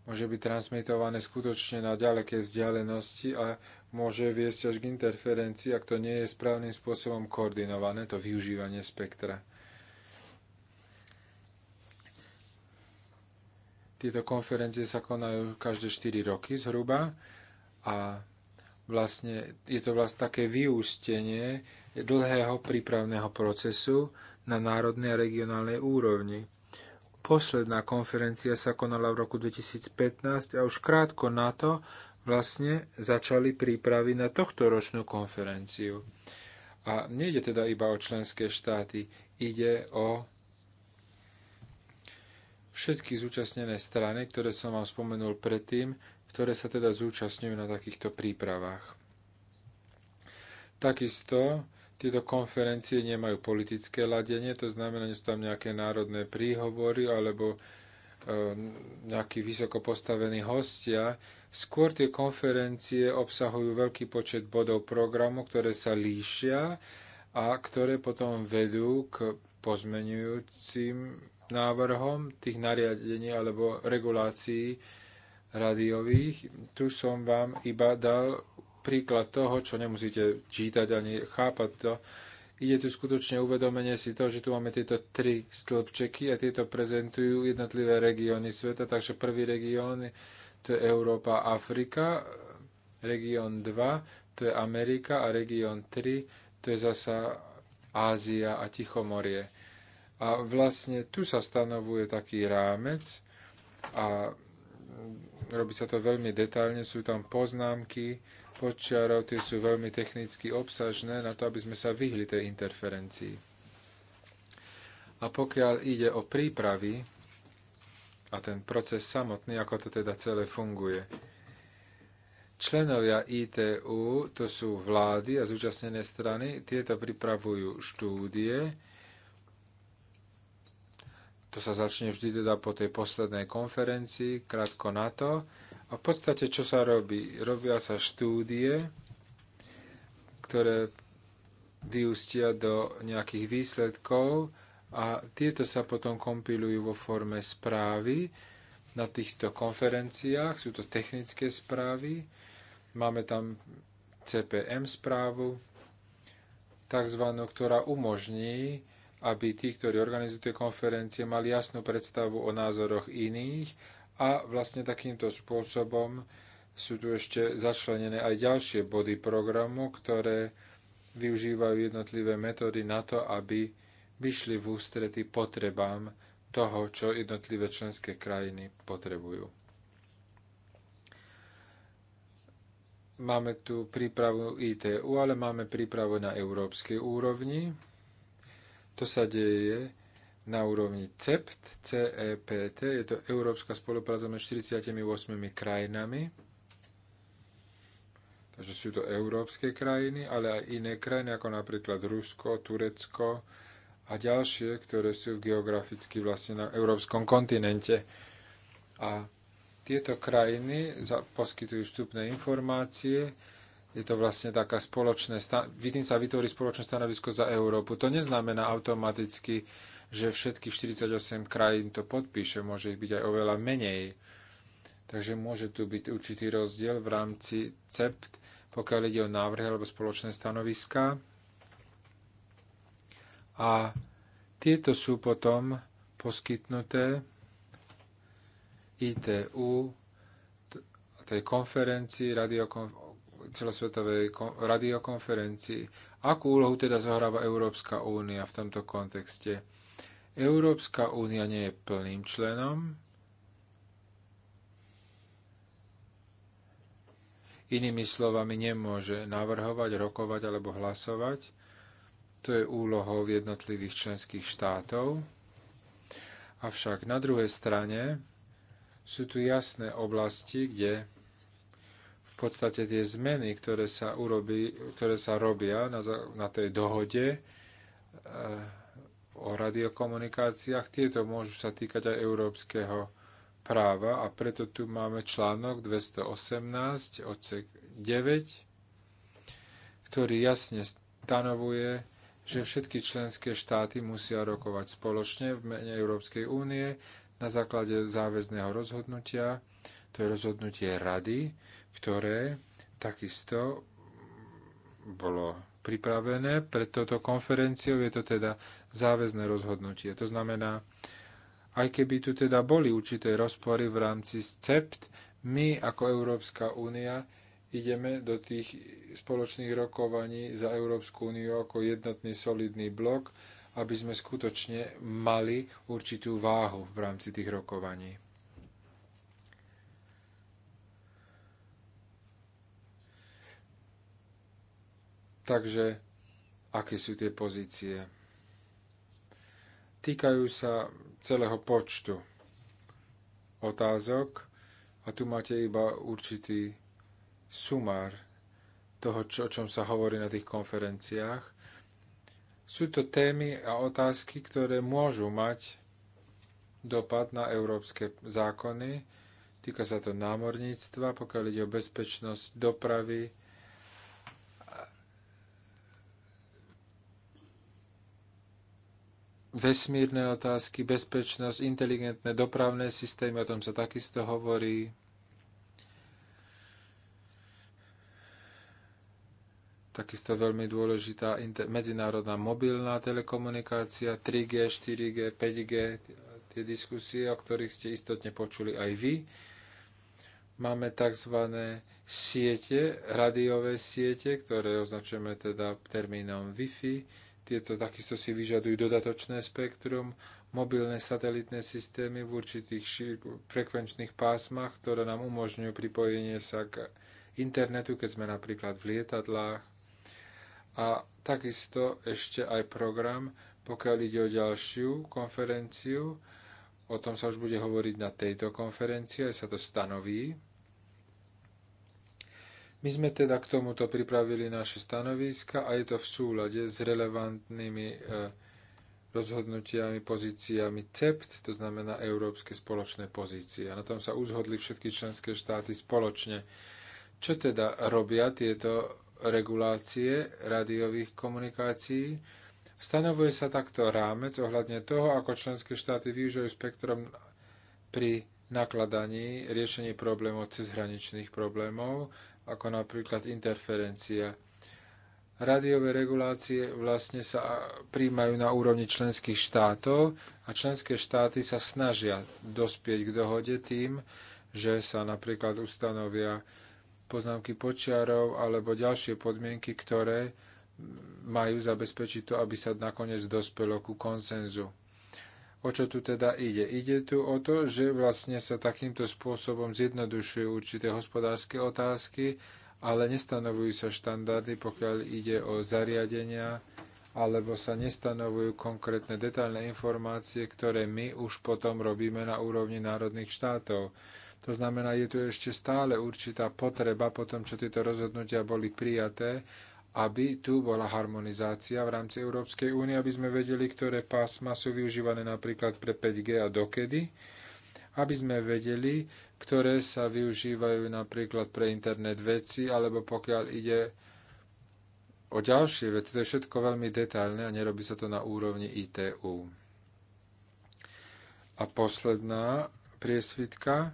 Speaker 2: môže byť transmitované skutočne na ďaleké vzdialenosti a môže viesť až k interferencii, ak to nie je správnym spôsobom koordinované, to využívanie spektra. Tieto konferencie sa konajú každé 4 roky zhruba a vlastne je to vlastne také vyústenie dlhého prípravného procesu na národnej a regionálnej úrovni. Posledná konferencia sa konala v roku 2015 a už krátko na to vlastne začali prípravy na tohto ročnú konferenciu. A nejde teda iba o členské štáty, ide o všetky zúčastnené strany, ktoré som vám spomenul predtým, ktoré sa teda zúčastňujú na takýchto prípravách. Takisto tieto konferencie nemajú politické ladenie, to znamená, že sú tam nejaké národné príhovory alebo e, nejakí vysoko postavení hostia. Skôr tie konferencie obsahujú veľký počet bodov programu, ktoré sa líšia a ktoré potom vedú k pozmenujúcim návrhom tých nariadení alebo regulácií rádiových. Tu som vám iba dal príklad toho, čo nemusíte čítať ani chápať to. Ide tu skutočne uvedomenie si to, že tu máme tieto tri stĺpčeky a tieto prezentujú jednotlivé regióny sveta. Takže prvý región to je Európa, Afrika, región 2 to je Amerika a región 3 to je zasa Ázia a Tichomorie. A vlastne tu sa stanovuje taký rámec a robí sa to veľmi detailne, sú tam poznámky, podčiarov, tie sú veľmi technicky obsažné na to, aby sme sa vyhli tej interferencii. A pokiaľ ide o prípravy a ten proces samotný, ako to teda celé funguje, Členovia ITU, to sú vlády a zúčastnené strany, tieto pripravujú štúdie, to sa začne vždy teda po tej poslednej konferencii, krátko na to. A v podstate, čo sa robí? Robia sa štúdie, ktoré vyústia do nejakých výsledkov a tieto sa potom kompilujú vo forme správy na týchto konferenciách. Sú to technické správy. Máme tam CPM správu, takzvanú, ktorá umožní aby tí, ktorí organizujú tie konferencie, mali jasnú predstavu o názoroch iných a vlastne takýmto spôsobom sú tu ešte začlenené aj ďalšie body programu, ktoré využívajú jednotlivé metódy na to, aby vyšli v ústrety potrebám toho, čo jednotlivé členské krajiny potrebujú. Máme tu prípravu ITU, ale máme prípravu na európskej úrovni to sa deje na úrovni CEPT, CEPT, je to Európska spolupráca medzi 48 krajinami. Takže sú to európske krajiny, ale aj iné krajiny, ako napríklad Rusko, Turecko a ďalšie, ktoré sú geograficky vlastne na európskom kontinente. A tieto krajiny poskytujú vstupné informácie, je to vlastne taká spoločné, Vidím sa vytvorí spoločné stanovisko za Európu. To neznamená automaticky, že všetkých 48 krajín to podpíše, môže ich byť aj oveľa menej. Takže môže tu byť určitý rozdiel v rámci CEPT, pokiaľ ide o návrhy alebo spoločné stanoviská. A tieto sú potom poskytnuté ITU tej konferencii radiokonf- celosvetovej radiokonferencii. Akú úlohu teda zohráva Európska únia v tomto kontexte? Európska únia nie je plným členom. Inými slovami, nemôže navrhovať, rokovať alebo hlasovať. To je úlohou jednotlivých členských štátov. Avšak na druhej strane sú tu jasné oblasti, kde podstate tie zmeny, ktoré sa, urobi, ktoré sa robia na, na tej dohode eh, o radiokomunikáciách, tieto môžu sa týkať aj európskeho práva a preto tu máme článok 218 odsek 9, ktorý jasne stanovuje, že všetky členské štáty musia rokovať spoločne v mene Európskej únie na základe záväzného rozhodnutia, to je rozhodnutie Rady, ktoré takisto bolo pripravené pred touto konferenciou. Je to teda záväzné rozhodnutie. To znamená, aj keby tu teda boli určité rozpory v rámci CEPT, my ako Európska únia ideme do tých spoločných rokovaní za Európsku úniu ako jednotný solidný blok, aby sme skutočne mali určitú váhu v rámci tých rokovaní. Takže aké sú tie pozície? Týkajú sa celého počtu otázok a tu máte iba určitý sumár toho, čo, o čom sa hovorí na tých konferenciách. Sú to témy a otázky, ktoré môžu mať dopad na európske zákony. Týka sa to námorníctva, pokiaľ ide o bezpečnosť dopravy, vesmírne otázky, bezpečnosť, inteligentné dopravné systémy, o tom sa takisto hovorí. Takisto veľmi dôležitá medzinárodná mobilná telekomunikácia, 3G, 4G, 5G, tie diskusie, o ktorých ste istotne počuli aj vy. Máme tzv. siete, radiové siete, ktoré označujeme teda termínom Wi-Fi tieto takisto si vyžadujú dodatočné spektrum, mobilné satelitné systémy v určitých frekvenčných pásmach, ktoré nám umožňujú pripojenie sa k internetu, keď sme napríklad v lietadlách. A takisto ešte aj program, pokiaľ ide o ďalšiu konferenciu, o tom sa už bude hovoriť na tejto konferencii, aj sa to stanoví my sme teda k tomuto pripravili naše stanoviska a je to v súlade s relevantnými e, rozhodnutiami, pozíciami CEPT, to znamená Európske spoločné pozície. A na tom sa uzhodli všetky členské štáty spoločne. Čo teda robia tieto regulácie rádiových komunikácií? Stanovuje sa takto rámec ohľadne toho, ako členské štáty využijú spektrum pri nakladaní, riešení problémov cezhraničných problémov ako napríklad interferencia. Rádiové regulácie vlastne sa príjmajú na úrovni členských štátov a členské štáty sa snažia dospieť k dohode tým, že sa napríklad ustanovia poznámky počiarov alebo ďalšie podmienky, ktoré majú zabezpečiť to, aby sa nakoniec dospelo ku konsenzu. O čo tu teda ide? Ide tu o to, že vlastne sa takýmto spôsobom zjednodušujú určité hospodárske otázky, ale nestanovujú sa štandardy, pokiaľ ide o zariadenia, alebo sa nestanovujú konkrétne detailné informácie, ktoré my už potom robíme na úrovni národných štátov. To znamená, je tu ešte stále určitá potreba po tom, čo tieto rozhodnutia boli prijaté, aby tu bola harmonizácia v rámci Európskej únie, aby sme vedeli, ktoré pásma sú využívané napríklad pre 5G a dokedy, aby sme vedeli, ktoré sa využívajú napríklad pre internet veci, alebo pokiaľ ide o ďalšie veci. To je všetko veľmi detailné a nerobí sa to na úrovni ITU. A posledná priesvitka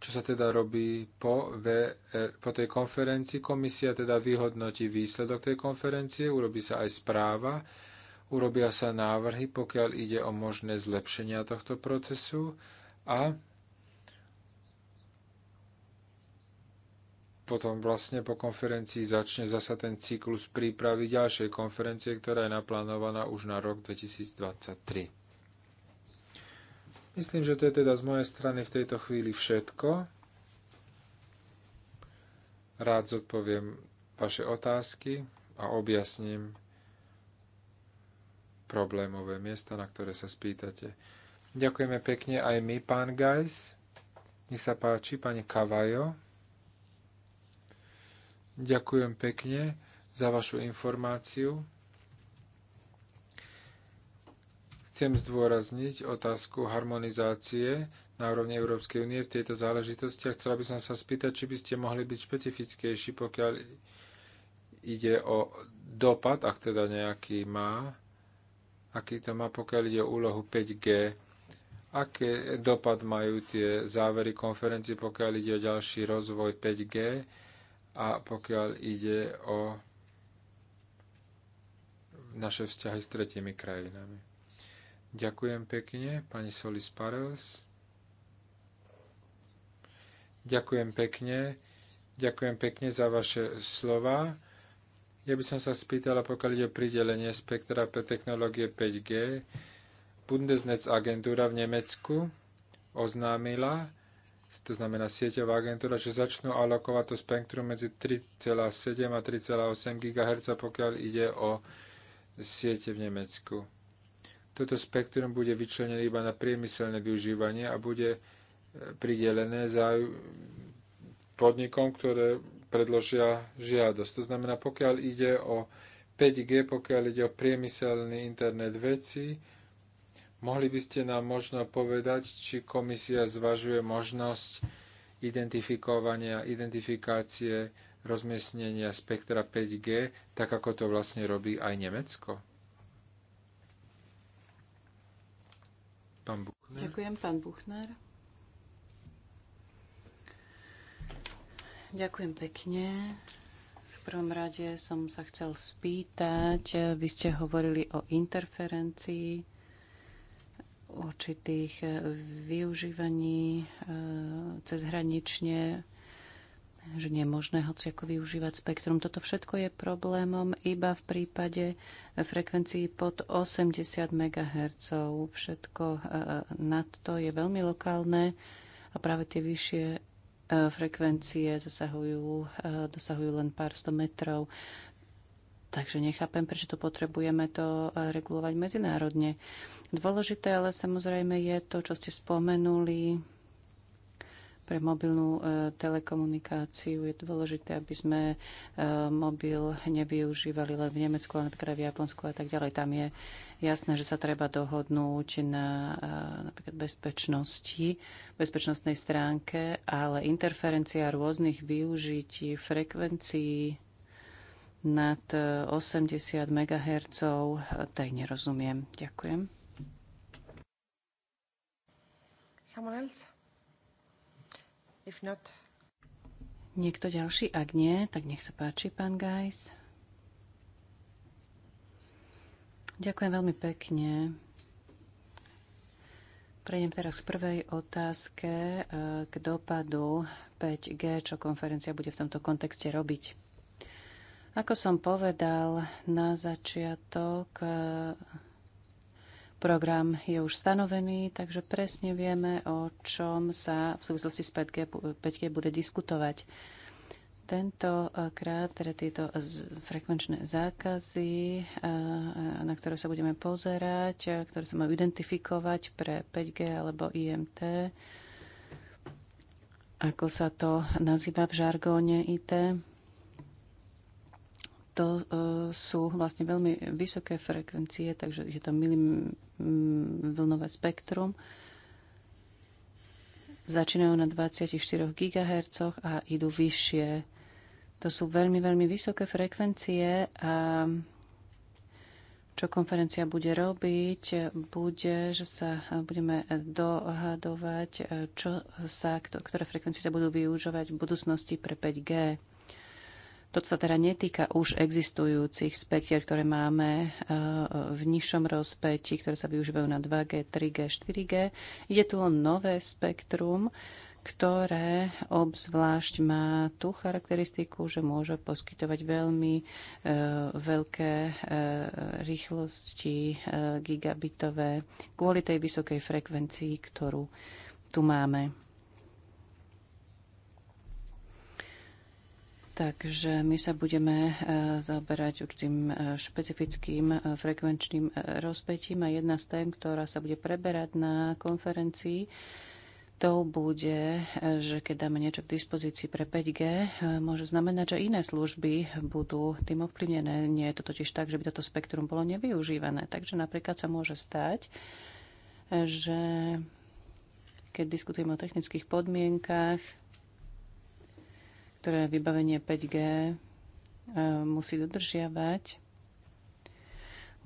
Speaker 2: čo sa teda robí po, VR, po tej konferencii. Komisia teda vyhodnotí výsledok tej konferencie, urobí sa aj správa, urobia sa návrhy, pokiaľ ide o možné zlepšenia tohto procesu a potom vlastne po konferencii začne zasa ten cyklus prípravy ďalšej konferencie, ktorá je naplánovaná už na rok 2023. Myslím, že to je teda z mojej strany v tejto chvíli všetko. Rád zodpoviem vaše otázky a objasním problémové miesta, na ktoré sa spýtate. Ďakujeme pekne aj my, pán Gajs. Nech sa páči, pani Kavajo. Ďakujem pekne za vašu informáciu. Chcem zdôrazniť otázku harmonizácie na úrovni Európskej únie v tejto záležitosti a chcela by som sa spýtať, či by ste mohli byť špecifickejší, pokiaľ ide o dopad, ak teda nejaký má, aký to má, pokiaľ ide o úlohu 5G, aké dopad majú tie závery konferencie, pokiaľ ide o ďalší rozvoj 5G a pokiaľ ide o naše vzťahy s tretimi krajinami. Ďakujem pekne, pani Solis Parels. Ďakujem pekne. Ďakujem pekne za vaše slova. Ja by som sa spýtala, pokiaľ ide o pridelenie spektra pre technológie 5G, Bundesnetz agentúra v Nemecku oznámila, to znamená sieťová agentúra, že začnú alokovať to spektrum medzi 3,7 a 3,8 GHz, pokiaľ ide o siete v Nemecku. Toto spektrum bude vyčlenené iba na priemyselné využívanie a bude e, pridelené za podnikom, ktoré predložia žiadosť. To znamená, pokiaľ ide o 5G, pokiaľ ide o priemyselný internet veci, mohli by ste nám možno povedať, či komisia zvažuje možnosť identifikovania, identifikácie, rozmiestnenia spektra 5G, tak ako to vlastne robí aj Nemecko? Pán Buchner. Ďakujem,
Speaker 1: pán Buchner. Ďakujem pekne. V prvom rade som sa chcel spýtať, vy ste hovorili o interferencii určitých využívaní eh, cezhranične že nie je možné hoci ako využívať spektrum. Toto všetko je problémom iba v prípade frekvencií pod 80 MHz. Všetko e, e, nad to je veľmi lokálne a práve tie vyššie e, frekvencie zasahujú, dosahujú len pár sto metrov. Takže nechápem, prečo to potrebujeme to regulovať medzinárodne. Dôležité ale samozrejme je to, čo ste spomenuli, pre mobilnú e, telekomunikáciu je dôležité, aby sme e, mobil nevyužívali len v Nemecku, ale napríklad v Japonsku a tak ďalej. Tam je jasné, že sa treba dohodnúť na e, napríklad bezpečnosti, bezpečnostnej stránke, ale interferencia rôznych využití frekvencií nad 80 MHz, tej nerozumiem. Ďakujem. Someone else? If not... Niekto ďalší? Ak nie, tak nech sa páči, pán Gajs. Ďakujem veľmi pekne. Prejdem teraz k prvej otázke eh, k dopadu 5G, čo konferencia bude v tomto kontexte robiť. Ako som povedal na začiatok, eh, Program je už stanovený, takže presne vieme, o čom sa v súvislosti s 5G, bude diskutovať. Tento krát teda tieto frekvenčné zákazy, eh, na ktoré sa budeme pozerať, eh, ktoré sa majú identifikovať pre 5G alebo IMT, ako sa to nazýva v žargóne IT, to eh, sú vlastne veľmi vysoké frekvencie, takže je to milim, Mm, vlnové spektrum. Začínajú na 24 GHz a idú vyššie. To sú veľmi, veľmi vysoké frekvencie a čo konferencia bude robiť, bude, že sa budeme dohadovať, čo sa, ktoré frekvencie sa budú využívať v budúcnosti pre 5G. Toto sa teda netýka už existujúcich spektier, ktoré máme e, v nižšom rozpeti, ktoré sa využívajú na 2G, 3G, 4G. Je tu o nové spektrum, ktoré obzvlášť má tú charakteristiku, že môže poskytovať veľmi e, veľké e, rýchlosti e, gigabitové kvôli tej vysokej frekvencii, ktorú tu máme. Takže my sa budeme e, zaoberať určitým e, špecifickým e, frekvenčným rozpetím a jedna z tém, ktorá sa bude preberať na konferencii, to bude, že keď dáme niečo k dispozícii pre 5G, môže znamenať, že iné služby budú tým ovplyvnené. Nie je to totiž tak, že by toto spektrum bolo nevyužívané. Takže napríklad sa môže stať, že keď diskutujeme o technických podmienkach, ktoré vybavenie 5G e, musí dodržiavať,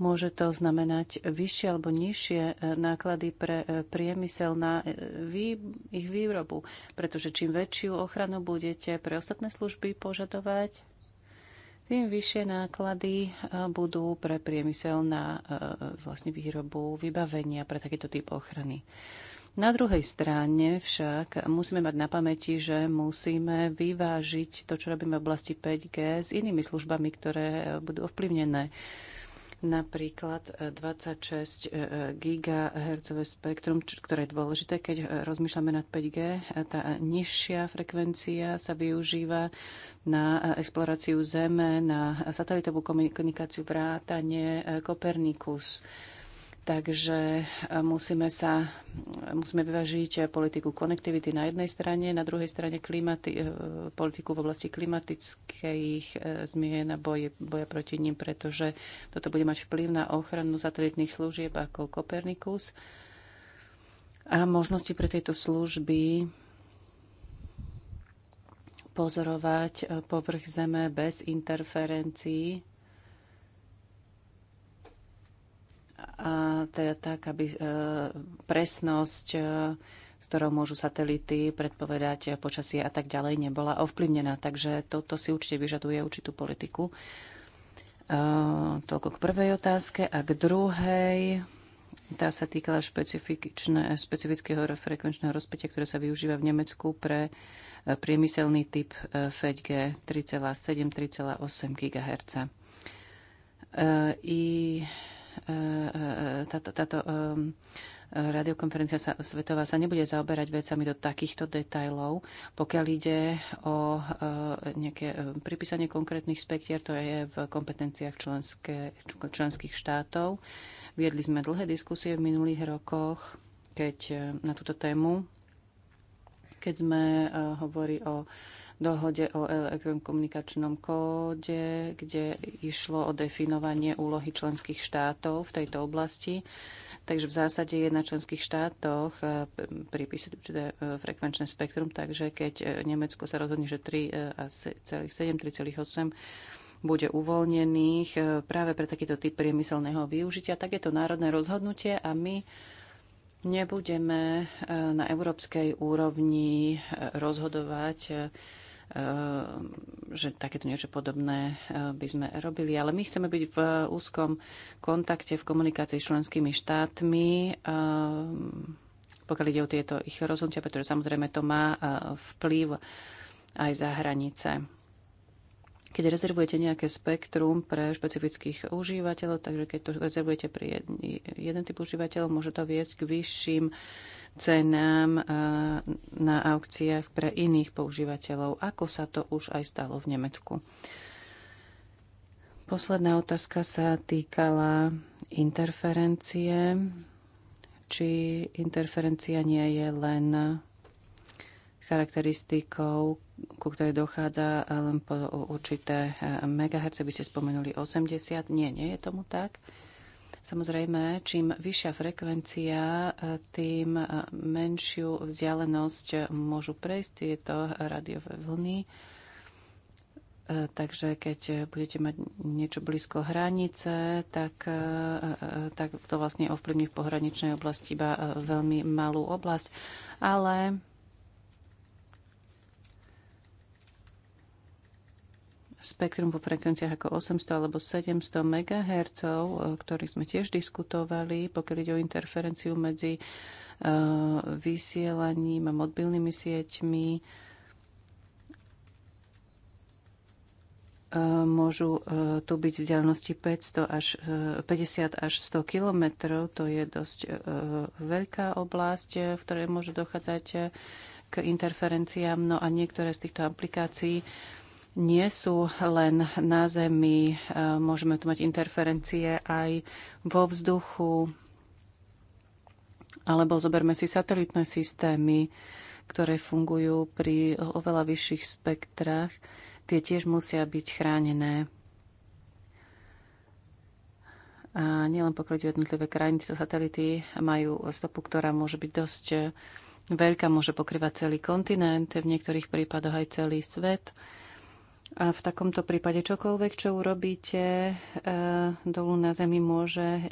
Speaker 1: môže to znamenať vyššie alebo nižšie e, náklady pre e, priemysel na ich výrobu. Pretože čím väčšiu ochranu budete pre ostatné služby požadovať, tým vyššie náklady budú pre priemysel na vlastne výrobu vybavenia pre takýto typ ochrany. Na druhej strane však musíme mať na pamäti, že musíme vyvážiť to, čo robíme v oblasti 5G s inými službami, ktoré budú ovplyvnené. Napríklad 26 e, e, e, GHz spektrum, ktoré je dôležité, keď rozmýšľame nad 5G. Tá nižšia frekvencia sa využíva na exploráciu Zeme, na satelitovú komunikáciu, vrátanie Kopernikus Takže e, musíme, sa, musíme vyvážiť politiku konektivity na jednej strane, na druhej strane klimaty, e, politiku v oblasti klimatických e, zmien a boje, boja proti ním, pretože toto bude mať vplyv na ochranu satelitných služieb ako Kopernikus a možnosti pre tieto služby pozorovať povrch Zeme bez interferencií a teda tak, aby e, presnosť, e, s ktorou môžu satelity predpovedať počasie a tak ďalej, nebola ovplyvnená. Takže toto si určite vyžaduje určitú politiku. E, toľko k prvej otázke. A k druhej, tá sa týkala špecifického frekvenčného rozpätia, ktoré sa využíva v Nemecku pre priemyselný typ 5G 3,7-3,8 GHz. I E, e, táto, táto e, radiokonferencia sa, svetová sa nebude zaoberať vecami do takýchto detajlov. Pokiaľ ide o nejaké pripísanie konkrétnych spektier, to je v kompetenciách členské, členských štátov. Viedli sme dlhé diskusie v minulých rokoch keď na túto tému, keď sme hovorili o dohode o komunikačnom kóde, kde išlo o definovanie úlohy členských štátov v tejto oblasti. Takže v zásade je na členských štátoch e, pripísať určité e, frekvenčné spektrum, takže keď e, Nemecko sa rozhodne, že 3,7, 3,8 bude uvoľnených práve pre takýto typ priemyselného využitia, tak je to národné rozhodnutie a my nebudeme na európskej úrovni rozhodovať Eh, že takéto niečo podobné eh, by sme robili. Ale my chceme byť v úzkom kontakte, v komunikácii s členskými štátmi, eh, pokiaľ ide o tieto ich rozhodnutia, pretože samozrejme to má vplyv aj za hranice keď rezervujete nejaké spektrum pre špecifických užívateľov, takže keď to rezervujete pre jedný, jeden typ užívateľov, môže to viesť k vyšším cenám eh, na aukciách pre iných používateľov, ako sa to už aj stalo v Nemecku. Posledná otázka sa týkala interferencie. Či interferencia nie je len charakteristikou, ku ktorej dochádza eh, len po určité eh, megaherce. By ste spomenuli 80. Nie, nie je tomu tak. Samozrejme, čím vyššia frekvencia, eh, tým menšiu vzdialenosť môžu prejsť tieto rádiové vlny. Takže keď budete mať niečo blízko hranice, tak, tak to vlastne ovplyvní v pohraničnej oblasti iba veľmi malú oblasť. Ale spektrum po frekvenciách ako 800 alebo 700 MHz, o ktorých sme tiež diskutovali, pokiaľ ide o interferenciu medzi eh, vysielaním a mobilnými sieťmi, eh, môžu eh, tu byť vzdialenosti 500 až, 50 až 100 kilometrov. To je dosť veľká oblasť, v ktorej môže dochádzať k interferenciám. No a niektoré z týchto aplikácií nie sú len na Zemi. E, môžeme tu mať interferencie aj vo vzduchu. Alebo zoberme si satelitné systémy, ktoré fungujú pri oveľa vyšších spektrách. Tie tiež musia byť chránené. A nielen pokiaľ jednotlivé krajiny, tieto satelity majú stopu, ktorá môže byť dosť veľká, môže pokrývať celý kontinent, v niektorých prípadoch aj celý svet. A v takomto prípade čokoľvek, čo urobíte e, dolu na Zemi, môže e,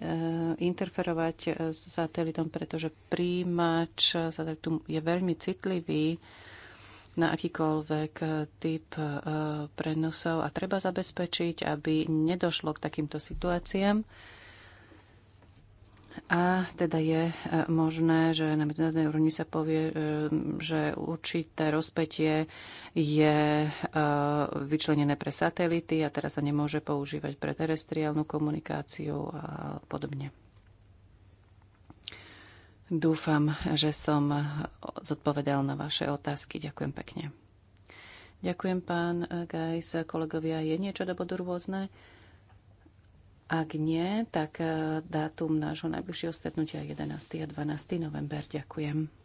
Speaker 1: interferovať e, s satelitom, pretože príjimač satelitu je veľmi citlivý na akýkoľvek typ prenosov a treba zabezpečiť, aby nedošlo k takýmto situáciám. A teda je e, možné, že na medzinárodnej úrovni sa povie, e, že určité rozpetie je e, vyčlenené pre satelity a teraz sa nemôže používať pre terestriálnu komunikáciu a podobne. Dúfam, že som zodpovedal na vaše otázky. Ďakujem pekne. Ďakujem, pán Gajs. Kolegovia, je niečo do bodu rôzne? Ak nie, tak eh, dátum nášho najbližšieho stretnutia 11. a 12. november. Ďakujem.